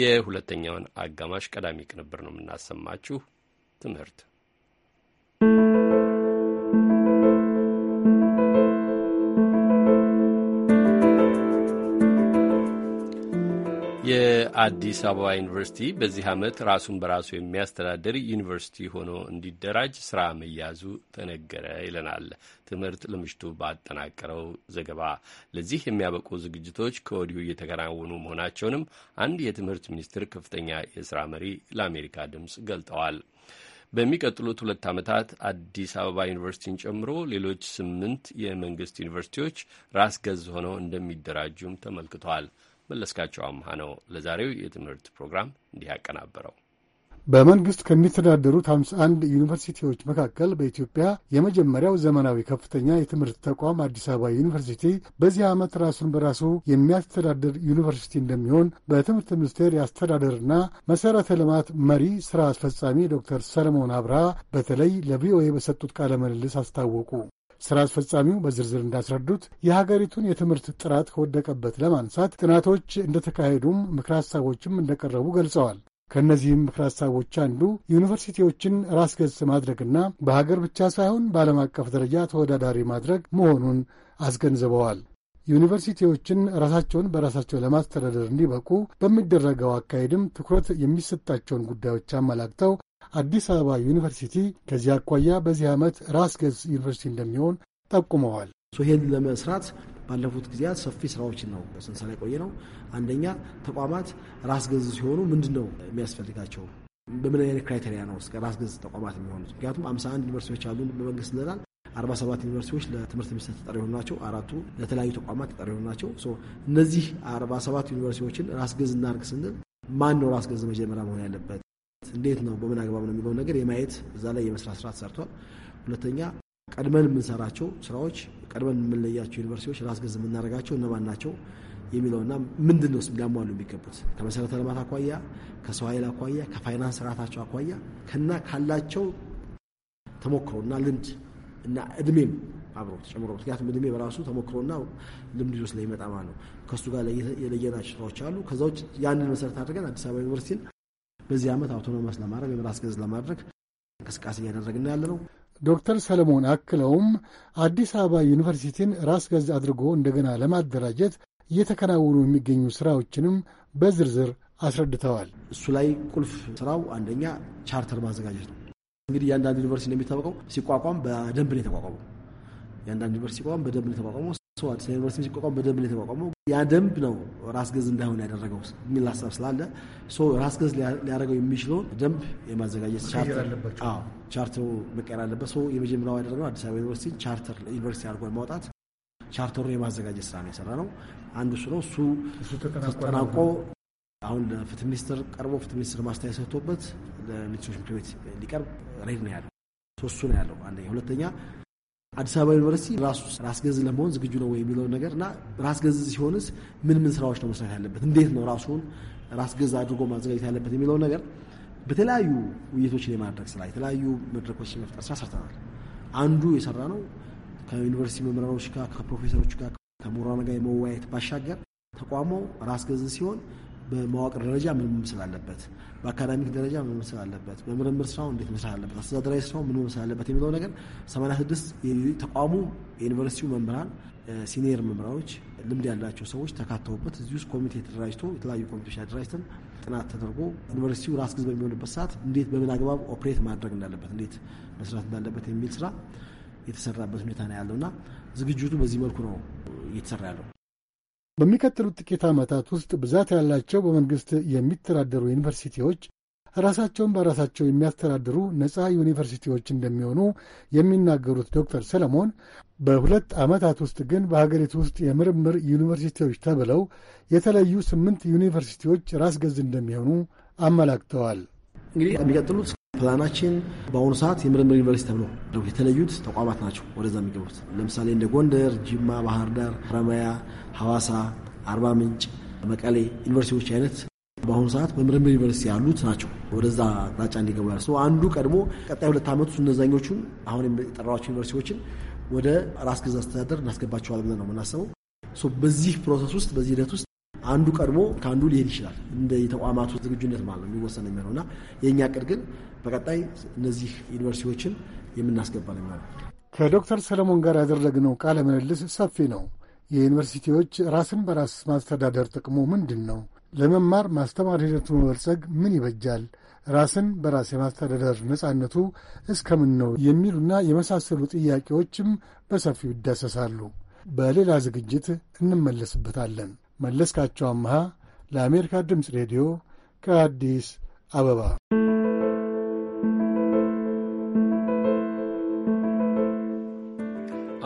የሁለተኛውን አጋማሽ ቀዳሚ ቅንብር ነው የምናሰማችሁ ትምህርት አዲስ አበባ ዩኒቨርሲቲ በዚህ ዓመት ራሱን በራሱ የሚያስተዳድር ዩኒቨርሲቲ ሆኖ እንዲደራጅ ስራ መያዙ ተነገረ ይለናል ትምህርት ለምሽቱ ባጠናቀረው ዘገባ። ለዚህ የሚያበቁ ዝግጅቶች ከወዲሁ እየተከናወኑ መሆናቸውንም አንድ የትምህርት ሚኒስቴር ከፍተኛ የስራ መሪ ለአሜሪካ ድምፅ ገልጠዋል። በሚቀጥሉት ሁለት ዓመታት አዲስ አበባ ዩኒቨርሲቲን ጨምሮ ሌሎች ስምንት የመንግስት ዩኒቨርሲቲዎች ራስ ገዝ ሆነው እንደሚደራጁም ተመልክቷል። መለስካቸው አምሃ ነው ለዛሬው የትምህርት ፕሮግራም እንዲህ ያቀናበረው።
በመንግስት ከሚተዳደሩት 51 ዩኒቨርሲቲዎች መካከል በኢትዮጵያ የመጀመሪያው ዘመናዊ ከፍተኛ የትምህርት ተቋም አዲስ አበባ ዩኒቨርሲቲ በዚህ ዓመት ራሱን በራሱ የሚያስተዳድር ዩኒቨርሲቲ እንደሚሆን በትምህርት ሚኒስቴር የአስተዳደርና መሠረተ ልማት መሪ ሥራ አስፈጻሚ ዶክተር ሰለሞን አብርሃ በተለይ ለቪኦኤ በሰጡት ቃለ ምልልስ አስታወቁ። ስራ አስፈጻሚው በዝርዝር እንዳስረዱት የሀገሪቱን የትምህርት ጥራት ከወደቀበት ለማንሳት ጥናቶች እንደተካሄዱም ምክረ ሀሳቦችም እንደቀረቡ ገልጸዋል። ከእነዚህም ምክረ ሀሳቦች አንዱ ዩኒቨርሲቲዎችን ራስ ገዝ ማድረግና በሀገር ብቻ ሳይሆን በዓለም አቀፍ ደረጃ ተወዳዳሪ ማድረግ መሆኑን አስገንዝበዋል። ዩኒቨርሲቲዎችን ራሳቸውን በራሳቸው ለማስተዳደር እንዲበቁ በሚደረገው አካሄድም ትኩረት የሚሰጣቸውን ጉዳዮች አመላክተው አዲስ አበባ ዩኒቨርሲቲ ከዚህ አኳያ በዚህ ዓመት ራስ ገዝ ዩኒቨርሲቲ እንደሚሆን ጠቁመዋል። ይህን ለመስራት ባለፉት ጊዜያት ሰፊ
ስራዎችን ነው ስንሰራ የቆየ ነው። አንደኛ ተቋማት ራስ ገዝ ሲሆኑ ምንድን ነው የሚያስፈልጋቸው? በምን አይነት ክራይቴሪያ ነው እስከ ራስ ገዝ ተቋማት የሚሆኑት? ምክንያቱም 51 ዩኒቨርሲቲዎች አሉ በመንግስት ዘላል 47 ዩኒቨርሲቲዎች ለትምህርት ሚኒስቴር ተጠሪ የሆኑ ናቸው። አራቱ ለተለያዩ ተቋማት ተጠሪ የሆኑ ናቸው። እነዚህ 47 ዩኒቨርሲቲዎችን ራስ ገዝ እናርግ ስንል ማን ነው ራስ ገዝ መጀመሪያ መሆን ያለበት? እንዴት ነው በምን አግባብ ነው የሚለውን ነገር የማየት እዛ ላይ የመስራት ስርዓት ሰርቷል። ሁለተኛ ቀድመን የምንሰራቸው ስራዎች ቀድመን የምንለያቸው ዩኒቨርሲቲዎች ገዝ የምናደርጋቸው እነማን ናቸው የሚለውና ምንድን ነው ሊያሟሉ የሚገቡት ከመሰረተ ልማት አኳያ፣ ከሰው ኃይል አኳያ፣ ከፋይናንስ ስርዓታቸው አኳያ ከና ካላቸው ተሞክሮና ልምድ እና እድሜም አብሮ ተጨምሮ ምክንያቱም እድሜ በራሱ ተሞክሮና ልምድ ይዞ ላይ ይመጣማ ነው። ከእሱ ጋር የለየናቸው ስራዎች አሉ። ከዛ ውጭ ያንን መሰረት አድርገን አዲስ አበባ ዩኒቨርሲቲን
በዚህ ዓመት አውቶኖመስ ለማድረግ ወይም ራስ ገዝ ለማድረግ እንቅስቃሴ እያደረግን ያለ ነው። ዶክተር ሰለሞን አክለውም አዲስ አበባ ዩኒቨርሲቲን ራስ ገዝ አድርጎ እንደገና ለማደራጀት እየተከናወኑ የሚገኙ ስራዎችንም በዝርዝር አስረድተዋል። እሱ ላይ ቁልፍ ስራው አንደኛ ቻርተር ማዘጋጀት ነው። እንግዲህ እያንዳንዱ ዩኒቨርሲቲ እንደሚታወቀው ሲቋቋም
በደንብ ነው የተቋቋመው የአንዳንድ ዩኒቨርሲቲ ሲቋቋም በደንብ ነው የተቋቋመው። አዲስ ዩኒቨርሲቲ ሲቋቋም በደንብ ነው የተቋቋመው። ያ ደንብ ነው ራስ ገዝ እንዳይሆን ያደረገው የሚል ሀሳብ ስላለ ራስ ገዝ ሊያደረገው የሚችለውን ደንብ የማዘጋጀት ቻርተሩ መቀየር አለበት። የመጀመሪያው ያደረገው አዲስ አበባ ዩኒቨርሲቲ ቻርተር ዩኒቨርሲቲ አድርጎ ማውጣት ቻርተሩ የማዘጋጀት ስራ ነው የሰራ ነው። አንዱ እሱ ነው።
እሱ ተጠናቆ
አሁን ለፍትህ ሚኒስትር ቀርቦ ፍትህ ሚኒስትር ማስተያየት ሰጥቶበት ለሚኒስትሮች ምክር ቤት ሊቀርብ ሬድ ነው ያለው። ሶሱ ነው ያለው አንደኛ። ሁለተኛ አዲስ አበባ ዩኒቨርሲቲ ራሱ ራስ ገዝ ለመሆን ዝግጁ ነው የሚለው ነገር እና ራስ ገዝ ሲሆንስ ምን ምን ስራዎች ነው መስራት ያለበት፣ እንዴት ነው ራሱን ራስ ገዝ አድርጎ ማዘጋጀት ያለበት የሚለው ነገር በተለያዩ ውይይቶችን የማድረግ ስራ፣ የተለያዩ መድረኮች የመፍጠር ስራ ሰርተናል። አንዱ የሰራ ነው ከዩኒቨርሲቲ መምህራኖች ጋር ከፕሮፌሰሮች ጋር ከምሁራን ጋር የመወያየት ባሻገር ተቋሙ ራስ ገዝ ሲሆን በመዋቅር ደረጃ ምን መምሰል አለበት፣ በአካዳሚክ ደረጃ ምን መምሰል አለበት፣ በምርምር ስራው እንዴት መስራት አለበት፣ አስተዳደራዊ ስራው ምን መምሰል አለበት የሚለው ነገር 86 ተቋሙ የዩኒቨርሲቲው መምህራን፣ ሲኒየር መምህራኖች፣ ልምድ ያላቸው ሰዎች ተካተውበት እዚህ ውስጥ ኮሚቴ ተደራጅቶ የተለያዩ ኮሚቴዎች አደራጅተን ጥናት ተደርጎ ዩኒቨርሲቲው ራስ ግዝ በሚሆንበት ሰዓት እንዴት በምን አግባብ ኦፕሬት ማድረግ እንዳለበት እንዴት መስራት እንዳለበት የሚል ስራ የተሰራበት ሁኔታ ነው ያለውእና ዝግጅቱ በዚህ መልኩ ነው እየተሰራ ያለው።
በሚቀጥሉት ጥቂት ዓመታት ውስጥ ብዛት ያላቸው በመንግሥት የሚተዳደሩ ዩኒቨርሲቲዎች ራሳቸውን በራሳቸው የሚያስተዳድሩ ነጻ ዩኒቨርሲቲዎች እንደሚሆኑ የሚናገሩት ዶክተር ሰለሞን በሁለት ዓመታት ውስጥ ግን በሀገሪቱ ውስጥ የምርምር ዩኒቨርሲቲዎች ተብለው የተለዩ ስምንት ዩኒቨርሲቲዎች ራስ ገዝ እንደሚሆኑ አመላክተዋል። እንግዲህ የሚቀጥሉት ፕላናችን በአሁኑ ሰዓት የምርምር ዩኒቨርሲቲ ተብሎ የተለዩት
ተቋማት ናቸው ወደዛ የሚገቡት። ለምሳሌ እንደ ጎንደር፣ ጅማ፣ ባህር ዳር፣ ሐረማያ፣ ሐዋሳ፣ አርባ ምንጭ፣ መቀሌ ዩኒቨርሲቲዎች አይነት በአሁኑ ሰዓት በምርምር ዩኒቨርሲቲ ያሉት ናቸው ወደዛ አቅጣጫ እንዲገቡ ያሉ አንዱ ቀድሞ ቀጣይ ሁለት ዓመቱ እነዛኞቹን አሁን የጠራኋቸው ዩኒቨርሲቲዎችን ወደ ራስ ገዝ አስተዳደር እናስገባቸዋል ብለን ነው የምናስበው። በዚህ ፕሮሰስ ውስጥ በዚህ ሂደት ውስጥ አንዱ ቀድሞ ከአንዱ ሊሄድ ይችላል። እንደ የተቋማቱ ዝግጁነት ማለት ነው የሚወሰነ
የሚሆነው እና የእኛ ቅድ ግን በቀጣይ እነዚህ ዩኒቨርሲቲዎችን የምናስገባ ነው ከዶክተር ሰለሞን ጋር ያደረግነው ቃለ ምልልስ ሰፊ ነው። የዩኒቨርሲቲዎች ራስን በራስ ማስተዳደር ጥቅሙ ምንድን ነው? ለመማር ማስተማር ሂደቱ መበልጸግ ምን ይበጃል? ራስን በራስ የማስተዳደር ነጻነቱ እስከምን ነው? የሚሉና የመሳሰሉ ጥያቄዎችም በሰፊው ይዳሰሳሉ። በሌላ ዝግጅት እንመለስበታለን። መለስካቸው አመሃ ለአሜሪካ ድምፅ ሬዲዮ ከአዲስ አበባ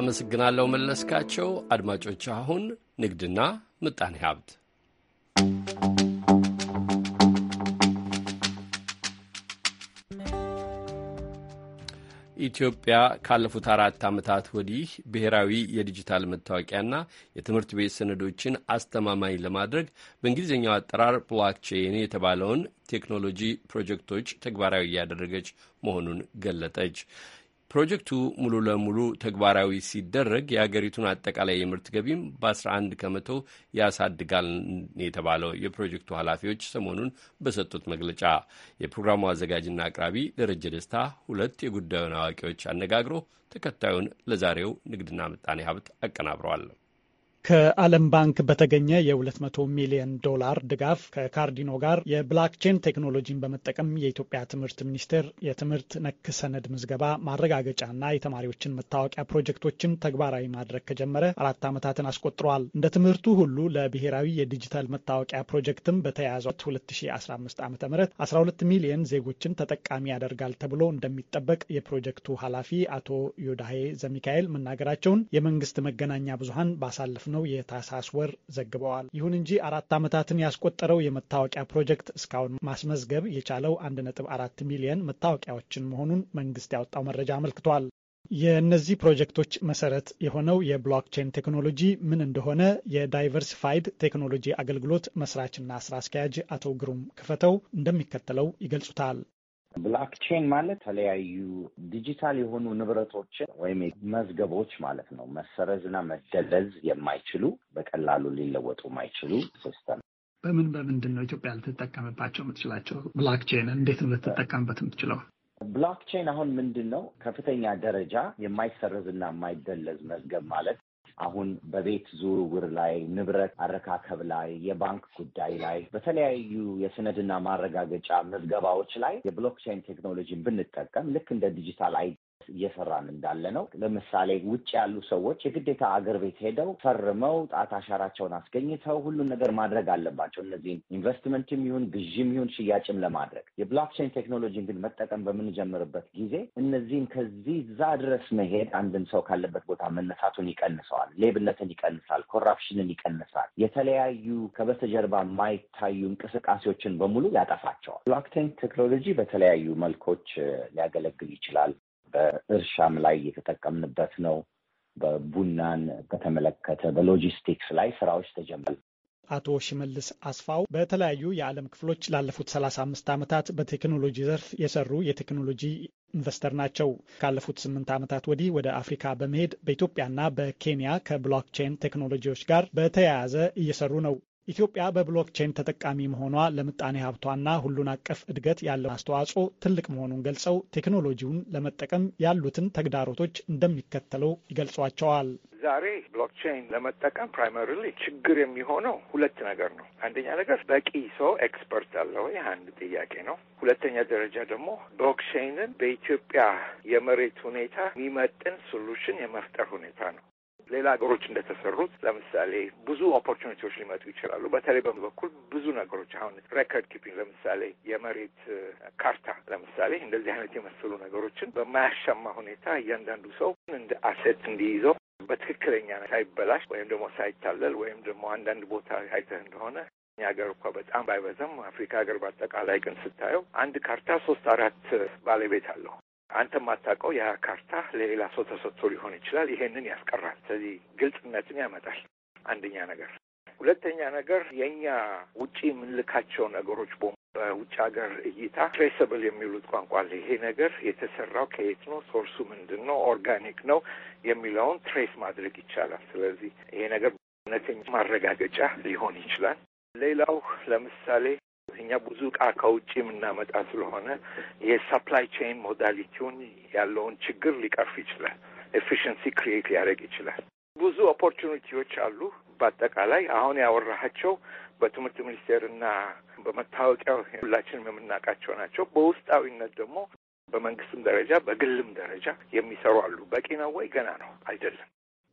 አመሰግናለሁ መለስካቸው። አድማጮች፣ አሁን ንግድና ምጣኔ ሀብት ኢትዮጵያ ካለፉት አራት ዓመታት ወዲህ ብሔራዊ የዲጂታል መታወቂያና የትምህርት ቤት ሰነዶችን አስተማማኝ ለማድረግ በእንግሊዝኛው አጠራር ብሎክቼን የተባለውን ቴክኖሎጂ ፕሮጀክቶች ተግባራዊ እያደረገች መሆኑን ገለጠች። ፕሮጀክቱ ሙሉ ለሙሉ ተግባራዊ ሲደረግ የአገሪቱን አጠቃላይ የምርት ገቢም በ11 ከመቶ ያሳድጋል የተባለው የፕሮጀክቱ ኃላፊዎች ሰሞኑን በሰጡት መግለጫ የፕሮግራሙ አዘጋጅና አቅራቢ ደረጀ ደስታ ሁለት የጉዳዩን አዋቂዎች አነጋግሮ ተከታዩን ለዛሬው ንግድና ምጣኔ ሀብት አቀናብረዋል።
ከዓለም ባንክ በተገኘ የ200 ሚሊዮን ዶላር ድጋፍ ከካርዲኖ ጋር የብላክቼን ቴክኖሎጂን በመጠቀም የኢትዮጵያ ትምህርት ሚኒስቴር የትምህርት ነክ ሰነድ ምዝገባ ማረጋገጫና የተማሪዎችን መታወቂያ ፕሮጀክቶችን ተግባራዊ ማድረግ ከጀመረ አራት ዓመታትን አስቆጥረዋል። እንደ ትምህርቱ ሁሉ ለብሔራዊ የዲጂታል መታወቂያ ፕሮጀክትም በተያያዘው 2015 ዓ ም 12 ሚሊዮን ዜጎችን ተጠቃሚ ያደርጋል ተብሎ እንደሚጠበቅ የፕሮጀክቱ ኃላፊ አቶ ዮዳሄ ዘሚካኤል መናገራቸውን የመንግስት መገናኛ ብዙሀን ባሳለፍ ነው የታህሳስ ወር ዘግበዋል። ይሁን እንጂ አራት ዓመታትን ያስቆጠረው የመታወቂያ ፕሮጀክት እስካሁን ማስመዝገብ የቻለው 1.4 ሚሊየን መታወቂያዎችን መሆኑን መንግስት ያወጣው መረጃ አመልክቷል። የእነዚህ ፕሮጀክቶች መሰረት የሆነው የብሎክቼን ቴክኖሎጂ ምን እንደሆነ የዳይቨርሲፋይድ ቴክኖሎጂ አገልግሎት መስራችና ስራ አስኪያጅ አቶ ግሩም ክፈተው እንደሚከተለው
ይገልጹታል። ብላክቼን ማለት የተለያዩ ዲጂታል የሆኑ ንብረቶችን ወይም መዝገቦች ማለት ነው። መሰረዝ መደለዝ የማይችሉ በቀላሉ ሊለወጡ የማይችሉ ሲስተም።
በምን በምንድን ነው ኢትዮጵያ ልትጠቀምባቸው የምትችላቸው? ብላክቼን እንዴት ነው ልትጠቀምበት የምትችለው?
ብሎክቼን አሁን ምንድን ነው? ከፍተኛ ደረጃ የማይሰረዝና የማይደለዝ መዝገብ ማለት አሁን በቤት ዝውውር ላይ፣ ንብረት አረካከብ ላይ፣ የባንክ ጉዳይ ላይ፣ በተለያዩ የሰነድና ማረጋገጫ መዝገባዎች ላይ የብሎክቼን ቴክኖሎጂን ብንጠቀም ልክ እንደ ዲጂታል አይ እየሰራን እንዳለ ነው። ለምሳሌ ውጭ ያሉ ሰዎች የግዴታ አገር ቤት ሄደው ፈርመው ጣት አሻራቸውን አስገኝተው ሁሉን ነገር ማድረግ አለባቸው። እነዚህን ኢንቨስትመንትም ይሁን ግዥም ይሁን ሽያጭም ለማድረግ የብሎክቼን ቴክኖሎጂን ግን መጠቀም በምንጀምርበት ጊዜ እነዚህን ከዚህ እዛ ድረስ መሄድ አንድን ሰው ካለበት ቦታ መነሳቱን ይቀንሰዋል። ሌብነትን ይቀንሳል። ኮራፕሽንን ይቀንሳል። የተለያዩ ከበስተጀርባ የማይታዩ እንቅስቃሴዎችን በሙሉ ያጠፋቸዋል። ብሎክቼን ቴክኖሎጂ በተለያዩ መልኮች ሊያገለግል ይችላል። በእርሻም ላይ የተጠቀምንበት ነው። በቡናን በተመለከተ በሎጂስቲክስ ላይ ስራዎች ተጀመሩ።
አቶ ሽመልስ አስፋው በተለያዩ የዓለም ክፍሎች ላለፉት 35 ዓመታት በቴክኖሎጂ ዘርፍ የሰሩ የቴክኖሎጂ ኢንቨስተር ናቸው። ካለፉት ስምንት ዓመታት ወዲህ ወደ አፍሪካ በመሄድ በኢትዮጵያና በኬንያ ከብሎክቼን ቴክኖሎጂዎች ጋር በተያያዘ እየሰሩ ነው። ኢትዮጵያ በብሎክቼን ተጠቃሚ መሆኗ ለምጣኔ ሀብቷና ሁሉን አቀፍ እድገት ያለው አስተዋጽኦ ትልቅ መሆኑን ገልጸው ቴክኖሎጂውን ለመጠቀም ያሉትን ተግዳሮቶች እንደሚከተለው ይገልጿቸዋል።
ዛሬ ብሎክቼን ለመጠቀም ፕራይመሪሊ ችግር የሚሆነው ሁለት ነገር ነው። አንደኛ ነገር በቂ ሰው ኤክስፐርት አለ ወይ? አንድ ጥያቄ ነው። ሁለተኛ ደረጃ ደግሞ ብሎክቼንን በኢትዮጵያ የመሬት ሁኔታ የሚመጥን ሶሉሽን የመፍጠር ሁኔታ ነው። ሌላ ሀገሮች እንደተሰሩት ለምሳሌ ብዙ ኦፖርቹኒቲዎች ሊመጡ ይችላሉ። በተለይ በምን በኩል ብዙ ነገሮች አሁን ሬከርድ ኪፒንግ ለምሳሌ የመሬት ካርታ ለምሳሌ እንደዚህ አይነት የመሰሉ ነገሮችን በማያሻማ ሁኔታ እያንዳንዱ ሰው እንደ አሴት እንዲይዘው በትክክለኛ ሳይበላሽ ወይም ደግሞ ሳይታለል ወይም ደግሞ አንዳንድ ቦታ አይተህ እንደሆነ እኛ ሀገር እኳ በጣም ባይበዛም አፍሪካ ሀገር በአጠቃላይ ግን ስታየው አንድ ካርታ ሶስት አራት ባለቤት አለው። አንተ የማታውቀው ያ ካርታ ለሌላ ሰው ተሰጥቶ ሊሆን ይችላል። ይሄንን ያስቀራል። ስለዚህ ግልጽነትን ያመጣል። አንደኛ ነገር። ሁለተኛ ነገር የእኛ ውጪ የምንልካቸው ነገሮች በውጭ ሀገር እይታ ትሬሰብል የሚሉት ቋንቋ አለ። ይሄ ነገር የተሰራው ከየት ነው፣ ሶርሱ ምንድን ነው፣ ኦርጋኒክ ነው የሚለውን ትሬስ ማድረግ ይቻላል። ስለዚህ ይሄ ነገር እውነተኛ ማረጋገጫ ሊሆን ይችላል። ሌላው ለምሳሌ እኛ ብዙ እቃ ከውጭ የምናመጣ ስለሆነ የሰፕላይ ቼን ሞዳሊቲውን ያለውን ችግር ሊቀርፍ ይችላል። ኤፊሽንሲ ክሪኤት ሊያደርግ ይችላል። ብዙ ኦፖርቹኒቲዎች አሉ። በአጠቃላይ አሁን ያወራሃቸው በትምህርት ሚኒስቴርና በመታወቂያ ሁላችንም የምናውቃቸው ናቸው። በውስጣዊነት ደግሞ በመንግስትም ደረጃ በግልም ደረጃ የሚሰሩ አሉ። በቂ ነው ወይ? ገና ነው አይደለም።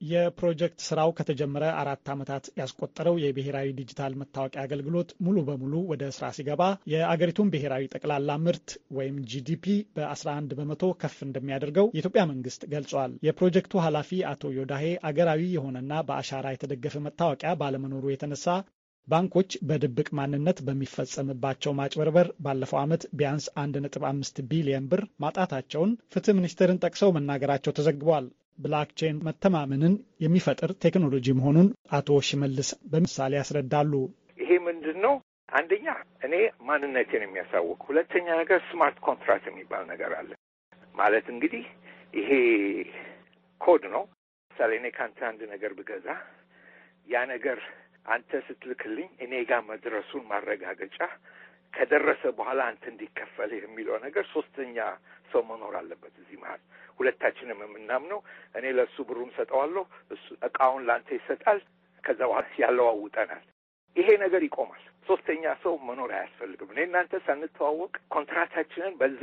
የፕሮጀክት ስራው ከተጀመረ አራት ዓመታት ያስቆጠረው የብሔራዊ ዲጂታል መታወቂያ አገልግሎት ሙሉ በሙሉ ወደ ስራ ሲገባ የአገሪቱን ብሔራዊ ጠቅላላ ምርት ወይም ጂዲፒ በ11 በመቶ ከፍ እንደሚያደርገው የኢትዮጵያ መንግስት ገልጿል። የፕሮጀክቱ ኃላፊ አቶ ዮዳሄ አገራዊ የሆነና በአሻራ የተደገፈ መታወቂያ ባለመኖሩ የተነሳ ባንኮች በድብቅ ማንነት በሚፈጸምባቸው ማጭበርበር ባለፈው ዓመት ቢያንስ 1.5 ቢሊየን ብር ማጣታቸውን ፍትህ ሚኒስቴርን ጠቅሰው መናገራቸው ተዘግቧል። ብላክቼን መተማመንን የሚፈጥር ቴክኖሎጂ መሆኑን አቶ ሽመልስ በምሳሌ ያስረዳሉ።
ይሄ ምንድን ነው? አንደኛ እኔ ማንነቴን የሚያሳውቅ፣ ሁለተኛ ነገር ስማርት ኮንትራክት የሚባል ነገር አለ። ማለት እንግዲህ ይሄ ኮድ ነው። ምሳሌ እኔ ከአንተ አንድ ነገር ብገዛ ያ ነገር አንተ ስትልክልኝ እኔ ጋር መድረሱን ማረጋገጫ ከደረሰ በኋላ አንተ እንዲከፈልህ የሚለው ነገር ሶስተኛ ሰው መኖር አለበት እዚህ መሀል። ሁለታችንም የምናምነው እኔ ለእሱ ብሩን ሰጠዋለሁ፣ እሱ እቃውን ለአንተ ይሰጣል። ከዛ በኋላ ያለዋውጠናል። ይሄ ነገር ይቆማል። ሶስተኛ ሰው መኖር አያስፈልግም። እኔ እናንተ ሳንተዋወቅ ኮንትራታችንን በዛ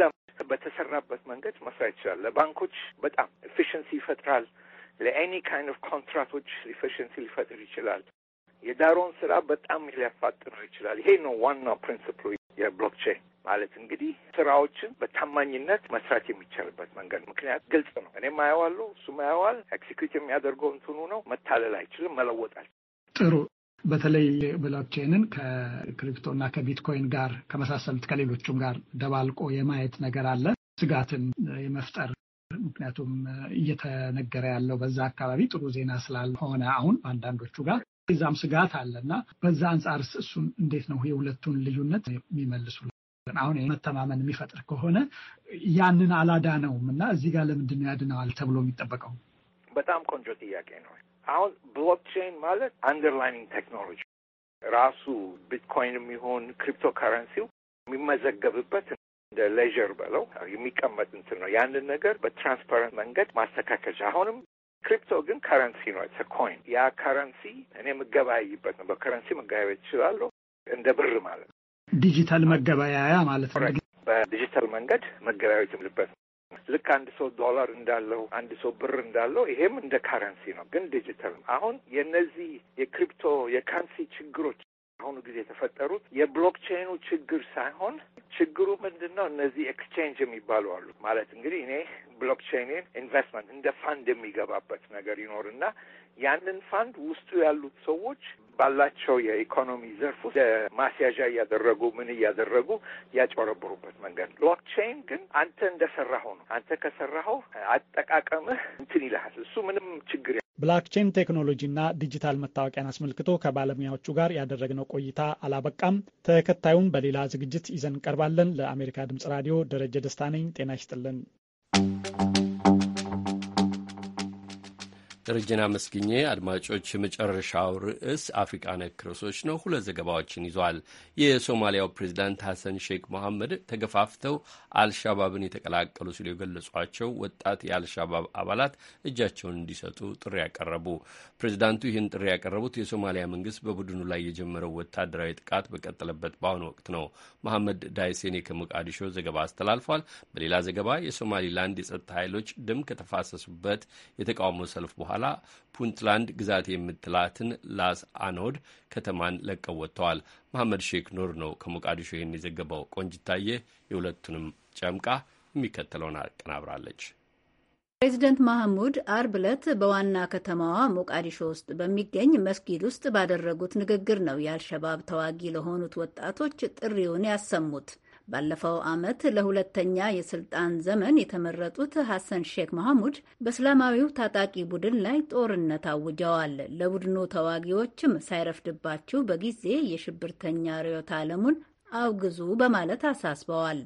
በተሰራበት መንገድ መስራት ይችላል። ለባንኮች በጣም ኤፊሽንሲ ይፈጥራል። ለኤኒ ካይንድ ኦፍ ኮንትራቶች ኤፊሽንሲ ሊፈጥር ይችላል። የዳሮን ስራ በጣም ሊያፋጥነው ይችላል። ይሄ ነው ዋናው ፕሪንስፕሉ። የብሎክቼን ማለት እንግዲህ ስራዎችን በታማኝነት መስራት የሚቻልበት መንገድ ምክንያት ግልጽ ነው። እኔም አየዋለሁ፣ እሱም አየዋል ኤክሲኪዩት የሚያደርገው እንትኑ ነው። መታለል አይችልም፣ መለወጥ አይችልም።
ጥሩ በተለይ ብሎክቼንን ከክሪፕቶ እና ከቢትኮይን ጋር ከመሳሰሉት ከሌሎቹም ጋር ደባልቆ የማየት ነገር አለ፣ ስጋትን የመፍጠር ምክንያቱም እየተነገረ ያለው በዛ አካባቢ ጥሩ ዜና ስላልሆነ አሁን አንዳንዶቹ ጋር እዛም ስጋት አለና በዛ አንጻር እሱን እንዴት ነው የሁለቱን ልዩነት የሚመልሱ? አሁን መተማመን የሚፈጥር ከሆነ ያንን አላዳነውም እና እዚህ ጋር ለምንድን ነው ያድነዋል ተብሎ
የሚጠበቀው? በጣም ቆንጆ ጥያቄ ነው። አሁን ብሎክቼን ማለት አንደርላይኒንግ ቴክኖሎጂ ራሱ ቢትኮይን የሚሆን ክሪፕቶ ከረንሲው የሚመዘገብበት እንደ ሌዥር በለው የሚቀመጥ እንትን ነው። ያንን ነገር በትራንስፓረንት መንገድ ማስተካከል አሁንም ክሪፕቶ ግን ከረንሲ ነው። ኢትስ ኮይን። ያ ከረንሲ እኔ የምገበያይበት ነው። በከረንሲ መገበያየት ይችላሉ፣ እንደ ብር ማለት ነው።
ዲጂታል መገበያያ ማለት ነው።
በዲጂታል መንገድ መገበያየት የምልበት ልክ አንድ ሰው ዶላር እንዳለው አንድ ሰው ብር እንዳለው ይሄም እንደ ካረንሲ ነው፣ ግን ዲጂታል። አሁን የነዚህ የክሪፕቶ የካረንሲ ችግሮች አሁኑ ጊዜ የተፈጠሩት የብሎክቼኑ ችግር ሳይሆን ችግሩ ምንድን ነው? እነዚህ ኤክስቼንጅ የሚባሉ አሉ። ማለት እንግዲህ እኔ ብሎክቼንን ኢንቨስትመንት እንደ ፋንድ የሚገባበት ነገር ይኖርና ያንን ፋንድ ውስጡ ያሉት ሰዎች ባላቸው የኢኮኖሚ ዘርፍ ማስያዣ እያደረጉ ምን እያደረጉ ያጨረብሩበት መንገድ ነው። ብሎክቼን ግን አንተ እንደሰራኸው ነው። አንተ ከሰራኸው አጠቃቀምህ እንትን ይልሃል። እሱ ምንም ችግር
ብላክቼን ቴክኖሎጂና ዲጂታል መታወቂያን አስመልክቶ ከባለሙያዎቹ ጋር ያደረግነው ቆይታ አላበቃም። ተከታዩን በሌላ ዝግጅት ይዘን እንቀርባለን። ለአሜሪካ ድምጽ ራዲዮ ደረጀ ደስታ ነኝ። ጤና ይስጥልን።
ደረጀን አመስግኜ። አድማጮች፣ የመጨረሻው ርዕስ አፍሪቃ ነክ ርዕሶች ነው። ሁለት ዘገባዎችን ይዟል። የሶማሊያው ፕሬዚዳንት ሐሰን ሼክ መሐመድ ተገፋፍተው አልሻባብን የተቀላቀሉ ሲሉ የገለጿቸው ወጣት የአልሻባብ አባላት እጃቸውን እንዲሰጡ ጥሪ ያቀረቡ ፕሬዚዳንቱ ይህን ጥሪ ያቀረቡት የሶማሊያ መንግስት በቡድኑ ላይ የጀመረው ወታደራዊ ጥቃት በቀጠለበት በአሁኑ ወቅት ነው። መሐመድ ዳይሴኔ ከሞቃዲሾ ዘገባ አስተላልፏል። በሌላ ዘገባ የሶማሊላንድ የጸጥታ ኃይሎች ደም ከተፋሰሱበት የተቃውሞ ሰልፍ በኋላ በኋላ ፑንትላንድ ግዛት የምትላትን ላስ አኖድ ከተማን ለቀው ወጥተዋል። መሐመድ ሼክ ኑር ነው ከሞቃዲሾ ይህን የዘገበው። ቆንጅታየ የሁለቱንም ጨምቃ የሚከተለውን አቀናብራለች።
ፕሬዚደንት ማህሙድ አርብ ዕለት በዋና ከተማዋ ሞቃዲሾ ውስጥ በሚገኝ መስጊድ ውስጥ ባደረጉት ንግግር ነው የአልሸባብ ተዋጊ ለሆኑት ወጣቶች ጥሪውን ያሰሙት። ባለፈው ዓመት ለሁለተኛ የስልጣን ዘመን የተመረጡት ሐሰን ሼክ መሐሙድ በእስላማዊው ታጣቂ ቡድን ላይ ጦርነት አውጀዋል። ለቡድኑ ተዋጊዎችም ሳይረፍድባችሁ በጊዜ የሽብርተኛ ርዕዮተ ዓለሙን አውግዙ በማለት አሳስበዋል።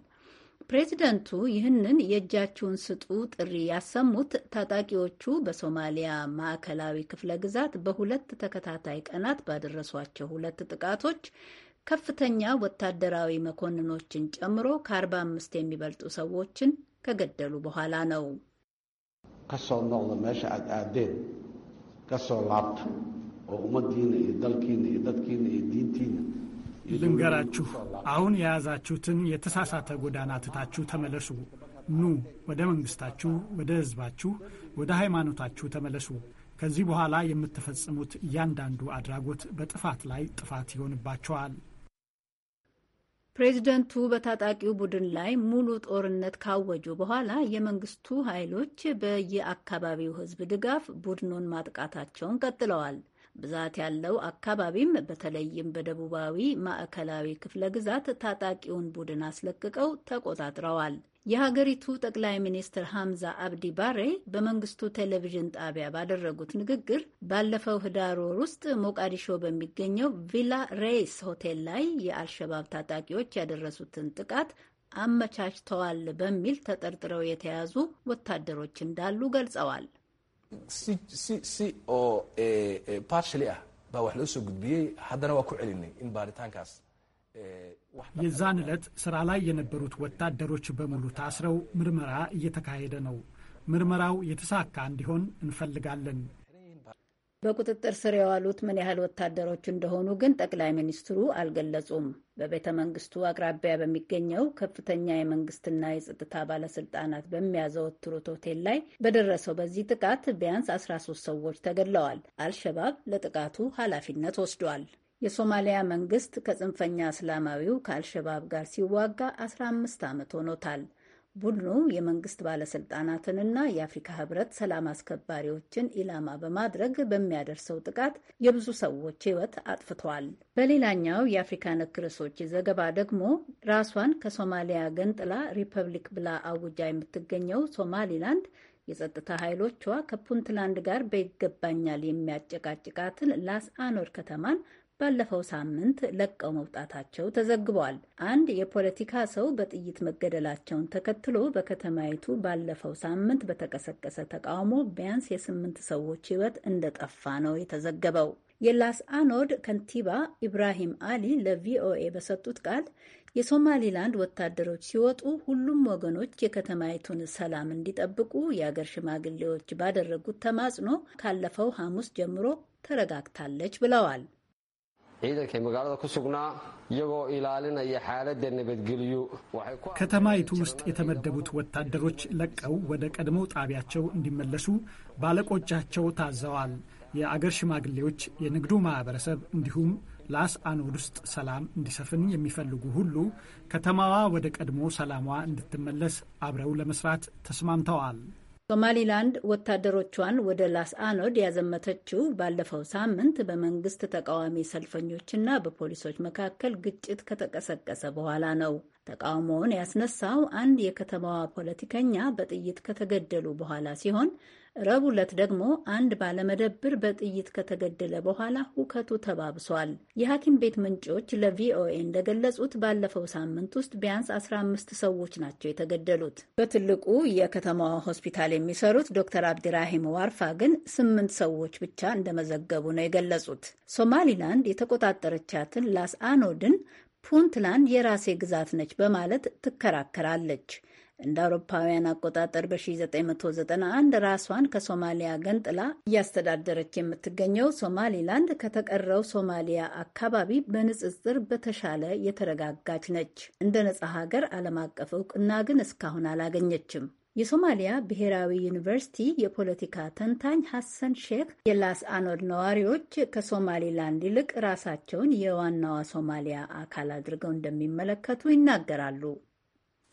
ፕሬዚደንቱ ይህንን የእጃችሁን ስጡ ጥሪ ያሰሙት ታጣቂዎቹ በሶማሊያ ማዕከላዊ ክፍለ ግዛት በሁለት ተከታታይ ቀናት ባደረሷቸው ሁለት ጥቃቶች ከፍተኛ ወታደራዊ መኮንኖችን ጨምሮ ከ45 የሚበልጡ ሰዎችን ከገደሉ በኋላ ነው።
ልንገራችሁ፣ አሁን የያዛችሁትን የተሳሳተ ጎዳና ትታችሁ ተመለሱ። ኑ ወደ መንግስታችሁ፣ ወደ ህዝባችሁ፣ ወደ ሃይማኖታችሁ ተመለሱ። ከዚህ በኋላ የምትፈጽሙት እያንዳንዱ አድራጎት በጥፋት ላይ ጥፋት ይሆንባቸዋል።
ፕሬዚደንቱ በታጣቂው ቡድን ላይ ሙሉ ጦርነት ካወጁ በኋላ የመንግስቱ ኃይሎች በየአካባቢው ህዝብ ድጋፍ ቡድኑን ማጥቃታቸውን ቀጥለዋል። ብዛት ያለው አካባቢም በተለይም በደቡባዊ ማዕከላዊ ክፍለ ግዛት ታጣቂውን ቡድን አስለቅቀው ተቆጣጥረዋል። የሀገሪቱ ጠቅላይ ሚኒስትር ሐምዛ አብዲ ባሬ በመንግስቱ ቴሌቪዥን ጣቢያ ባደረጉት ንግግር ባለፈው ህዳር ወር ውስጥ ሞቃዲሾ በሚገኘው ቪላ ሬይስ ሆቴል ላይ የአልሸባብ ታጣቂዎች ያደረሱትን ጥቃት አመቻችተዋል በሚል ተጠርጥረው የተያዙ ወታደሮች እንዳሉ ገልጸዋል።
ፓርሽሊ ባ ዋሕ ጉድብዬ ዋ ኩዕሊኒ ኢን ባሪታንካስ
የዛን ዕለት ስራ ላይ የነበሩት ወታደሮች በሙሉ ታስረው ምርመራ እየተካሄደ ነው። ምርመራው የተሳካ እንዲሆን እንፈልጋለን።
በቁጥጥር ስር የዋሉት ምን ያህል ወታደሮች እንደሆኑ ግን ጠቅላይ ሚኒስትሩ አልገለጹም። በቤተ መንግስቱ አቅራቢያ በሚገኘው ከፍተኛ የመንግስትና የጸጥታ ባለስልጣናት በሚያዘወትሩት ሆቴል ላይ በደረሰው በዚህ ጥቃት ቢያንስ 13 ሰዎች ተገድለዋል። አልሸባብ ለጥቃቱ ኃላፊነት ወስዷል። የሶማሊያ መንግስት ከጽንፈኛ እስላማዊው ከአልሸባብ ጋር ሲዋጋ 15 ዓመት ሆኖታል። ቡድኑ የመንግስት ባለስልጣናትንና የአፍሪካ ህብረት ሰላም አስከባሪዎችን ኢላማ በማድረግ በሚያደርሰው ጥቃት የብዙ ሰዎች ህይወት አጥፍቷል። በሌላኛው የአፍሪካ ነክ ርዕሶች ዘገባ ደግሞ ራሷን ከሶማሊያ ገንጥላ ሪፐብሊክ ብላ አውጃ የምትገኘው ሶማሊላንድ የጸጥታ ኃይሎቿ ከፑንትላንድ ጋር በይገባኛል የሚያጨቃጭቃትን ላስ አኖር ከተማን ባለፈው ሳምንት ለቀው መውጣታቸው ተዘግቧል። አንድ የፖለቲካ ሰው በጥይት መገደላቸውን ተከትሎ በከተማይቱ ባለፈው ሳምንት በተቀሰቀሰ ተቃውሞ ቢያንስ የስምንት ሰዎች ሕይወት እንደጠፋ ነው የተዘገበው። የላስ አኖድ ከንቲባ ኢብራሂም አሊ ለቪኦኤ በሰጡት ቃል የሶማሊላንድ ወታደሮች ሲወጡ ሁሉም ወገኖች የከተማይቱን ሰላም እንዲጠብቁ የአገር ሽማግሌዎች ባደረጉት ተማጽኖ ካለፈው ሐሙስ ጀምሮ ተረጋግታለች ብለዋል።
ciidankay magaalada ku sugnaa iyagoo ilaalinaya xaaladda nabadgelyo
ከተማይቱ ውስጥ የተመደቡት ወታደሮች ለቀው ወደ ቀድሞው ጣቢያቸው እንዲመለሱ ባለቆቻቸው ታዘዋል። የአገር ሽማግሌዎች፣ የንግዱ ማህበረሰብ እንዲሁም ላስ አኖድ ውስጥ ሰላም እንዲሰፍን የሚፈልጉ ሁሉ ከተማዋ ወደ ቀድሞ ሰላሟ እንድትመለስ አብረው ለመስራት ተስማምተዋል።
ሶማሊላንድ ወታደሮቿን ወደ ላስ አኖድ ያዘመተችው ባለፈው ሳምንት በመንግስት ተቃዋሚ ሰልፈኞችና በፖሊሶች መካከል ግጭት ከተቀሰቀሰ በኋላ ነው። ተቃውሞውን ያስነሳው አንድ የከተማዋ ፖለቲከኛ በጥይት ከተገደሉ በኋላ ሲሆን ረቡዕ ዕለት ደግሞ አንድ ባለመደብር በጥይት ከተገደለ በኋላ ሁከቱ ተባብሷል። የሐኪም ቤት ምንጮች ለቪኦኤ እንደገለጹት ባለፈው ሳምንት ውስጥ ቢያንስ 15 ሰዎች ናቸው የተገደሉት። በትልቁ የከተማዋ ሆስፒታል የሚሰሩት ዶክተር አብዲራሂም ዋርፋ ግን ስምንት ሰዎች ብቻ እንደመዘገቡ ነው የገለጹት። ሶማሊላንድ የተቆጣጠረቻትን ላስ አኖድን ፑንትላንድ የራሴ ግዛት ነች በማለት ትከራከራለች። እንደ አውሮፓውያን አቆጣጠር በ1991 ራሷን ከሶማሊያ ገንጥላ እያስተዳደረች የምትገኘው ሶማሊላንድ ከተቀረው ሶማሊያ አካባቢ በንጽጽር በተሻለ የተረጋጋች ነች። እንደ ነጻ ሀገር ዓለም አቀፍ እውቅና ግን እስካሁን አላገኘችም። የሶማሊያ ብሔራዊ ዩኒቨርሲቲ የፖለቲካ ተንታኝ ሐሰን ሼክ የላስ አኖድ ነዋሪዎች ከሶማሊላንድ ይልቅ ራሳቸውን የዋናዋ ሶማሊያ አካል አድርገው እንደሚመለከቱ ይናገራሉ።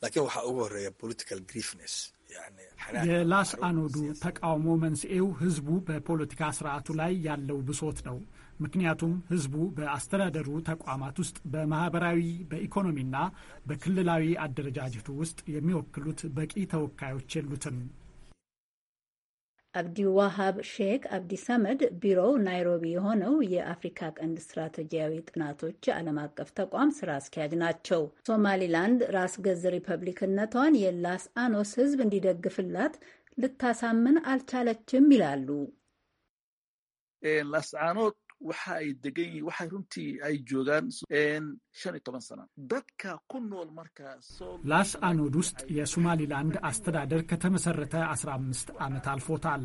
laakiin waxaa ugu horreeya political griefness
የላስ አኖዱ ተቃውሞ መንስኤው ህዝቡ በፖለቲካ ስርዓቱ ላይ ያለው ብሶት ነው። ምክንያቱም ህዝቡ በአስተዳደሩ ተቋማት ውስጥ በማህበራዊ በኢኮኖሚና በክልላዊ አደረጃጀቱ ውስጥ የሚወክሉት በቂ ተወካዮች የሉትም።
አብዲዋሃብ ሼክ አብዲ ሰመድ ቢሮው ናይሮቢ የሆነው የአፍሪካ ቀንድ ስትራቴጂያዊ ጥናቶች ዓለም አቀፍ ተቋም ስራ አስኪያጅ ናቸው። ሶማሊላንድ ራስ ገዝ ሪፐብሊክነቷን የላስ አኖስ ህዝብ እንዲደግፍላት ልታሳምን አልቻለችም ይላሉ።
ላስ አኖስ waxa ay degan yihin waxay runtii ay joogaan shan iyo toban sana dadka ku nool markaa ላስ አኖድ ውስጥ የሶማሊላንድ አስተዳደር ከተመሰረተ አስራ አምስት ዓመት አልፎታል።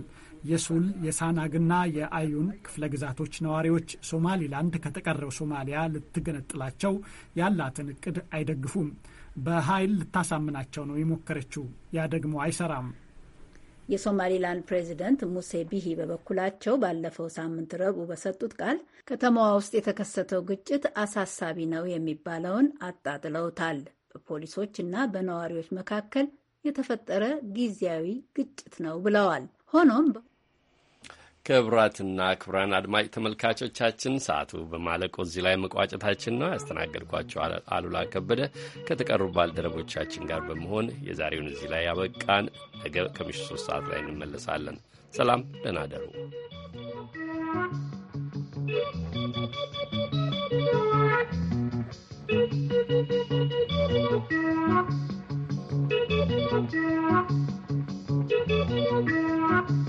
የሱል የሳናግና የአዩን ክፍለ ግዛቶች ነዋሪዎች ሶማሊላንድ ከተቀረው ሶማሊያ ልትገነጥላቸው ያላትን እቅድ አይደግፉም። በኃይል ልታሳምናቸው ነው የሞከረችው። ያ ደግሞ አይሰራም።
የሶማሊላንድ ፕሬዚደንት ሙሴ ቢሂ በበኩላቸው ባለፈው ሳምንት ረቡዕ በሰጡት ቃል ከተማዋ ውስጥ የተከሰተው ግጭት አሳሳቢ ነው የሚባለውን አጣጥለውታል። በፖሊሶች እና በነዋሪዎች መካከል የተፈጠረ ጊዜያዊ ግጭት ነው ብለዋል። ሆኖም
ክቡራትና ክቡራን አድማጭ ተመልካቾቻችን ሰዓቱ በማለቆ እዚህ ላይ መቋጨታችን ነው። ያስተናገድኳቸው አሉላ ከበደ ከተቀሩ ባልደረቦቻችን ጋር በመሆን የዛሬውን እዚህ ላይ ያበቃን። ነገ ከምሽቱ ሶስት ሰዓት ላይ እንመለሳለን። ሰላም፣
ደህና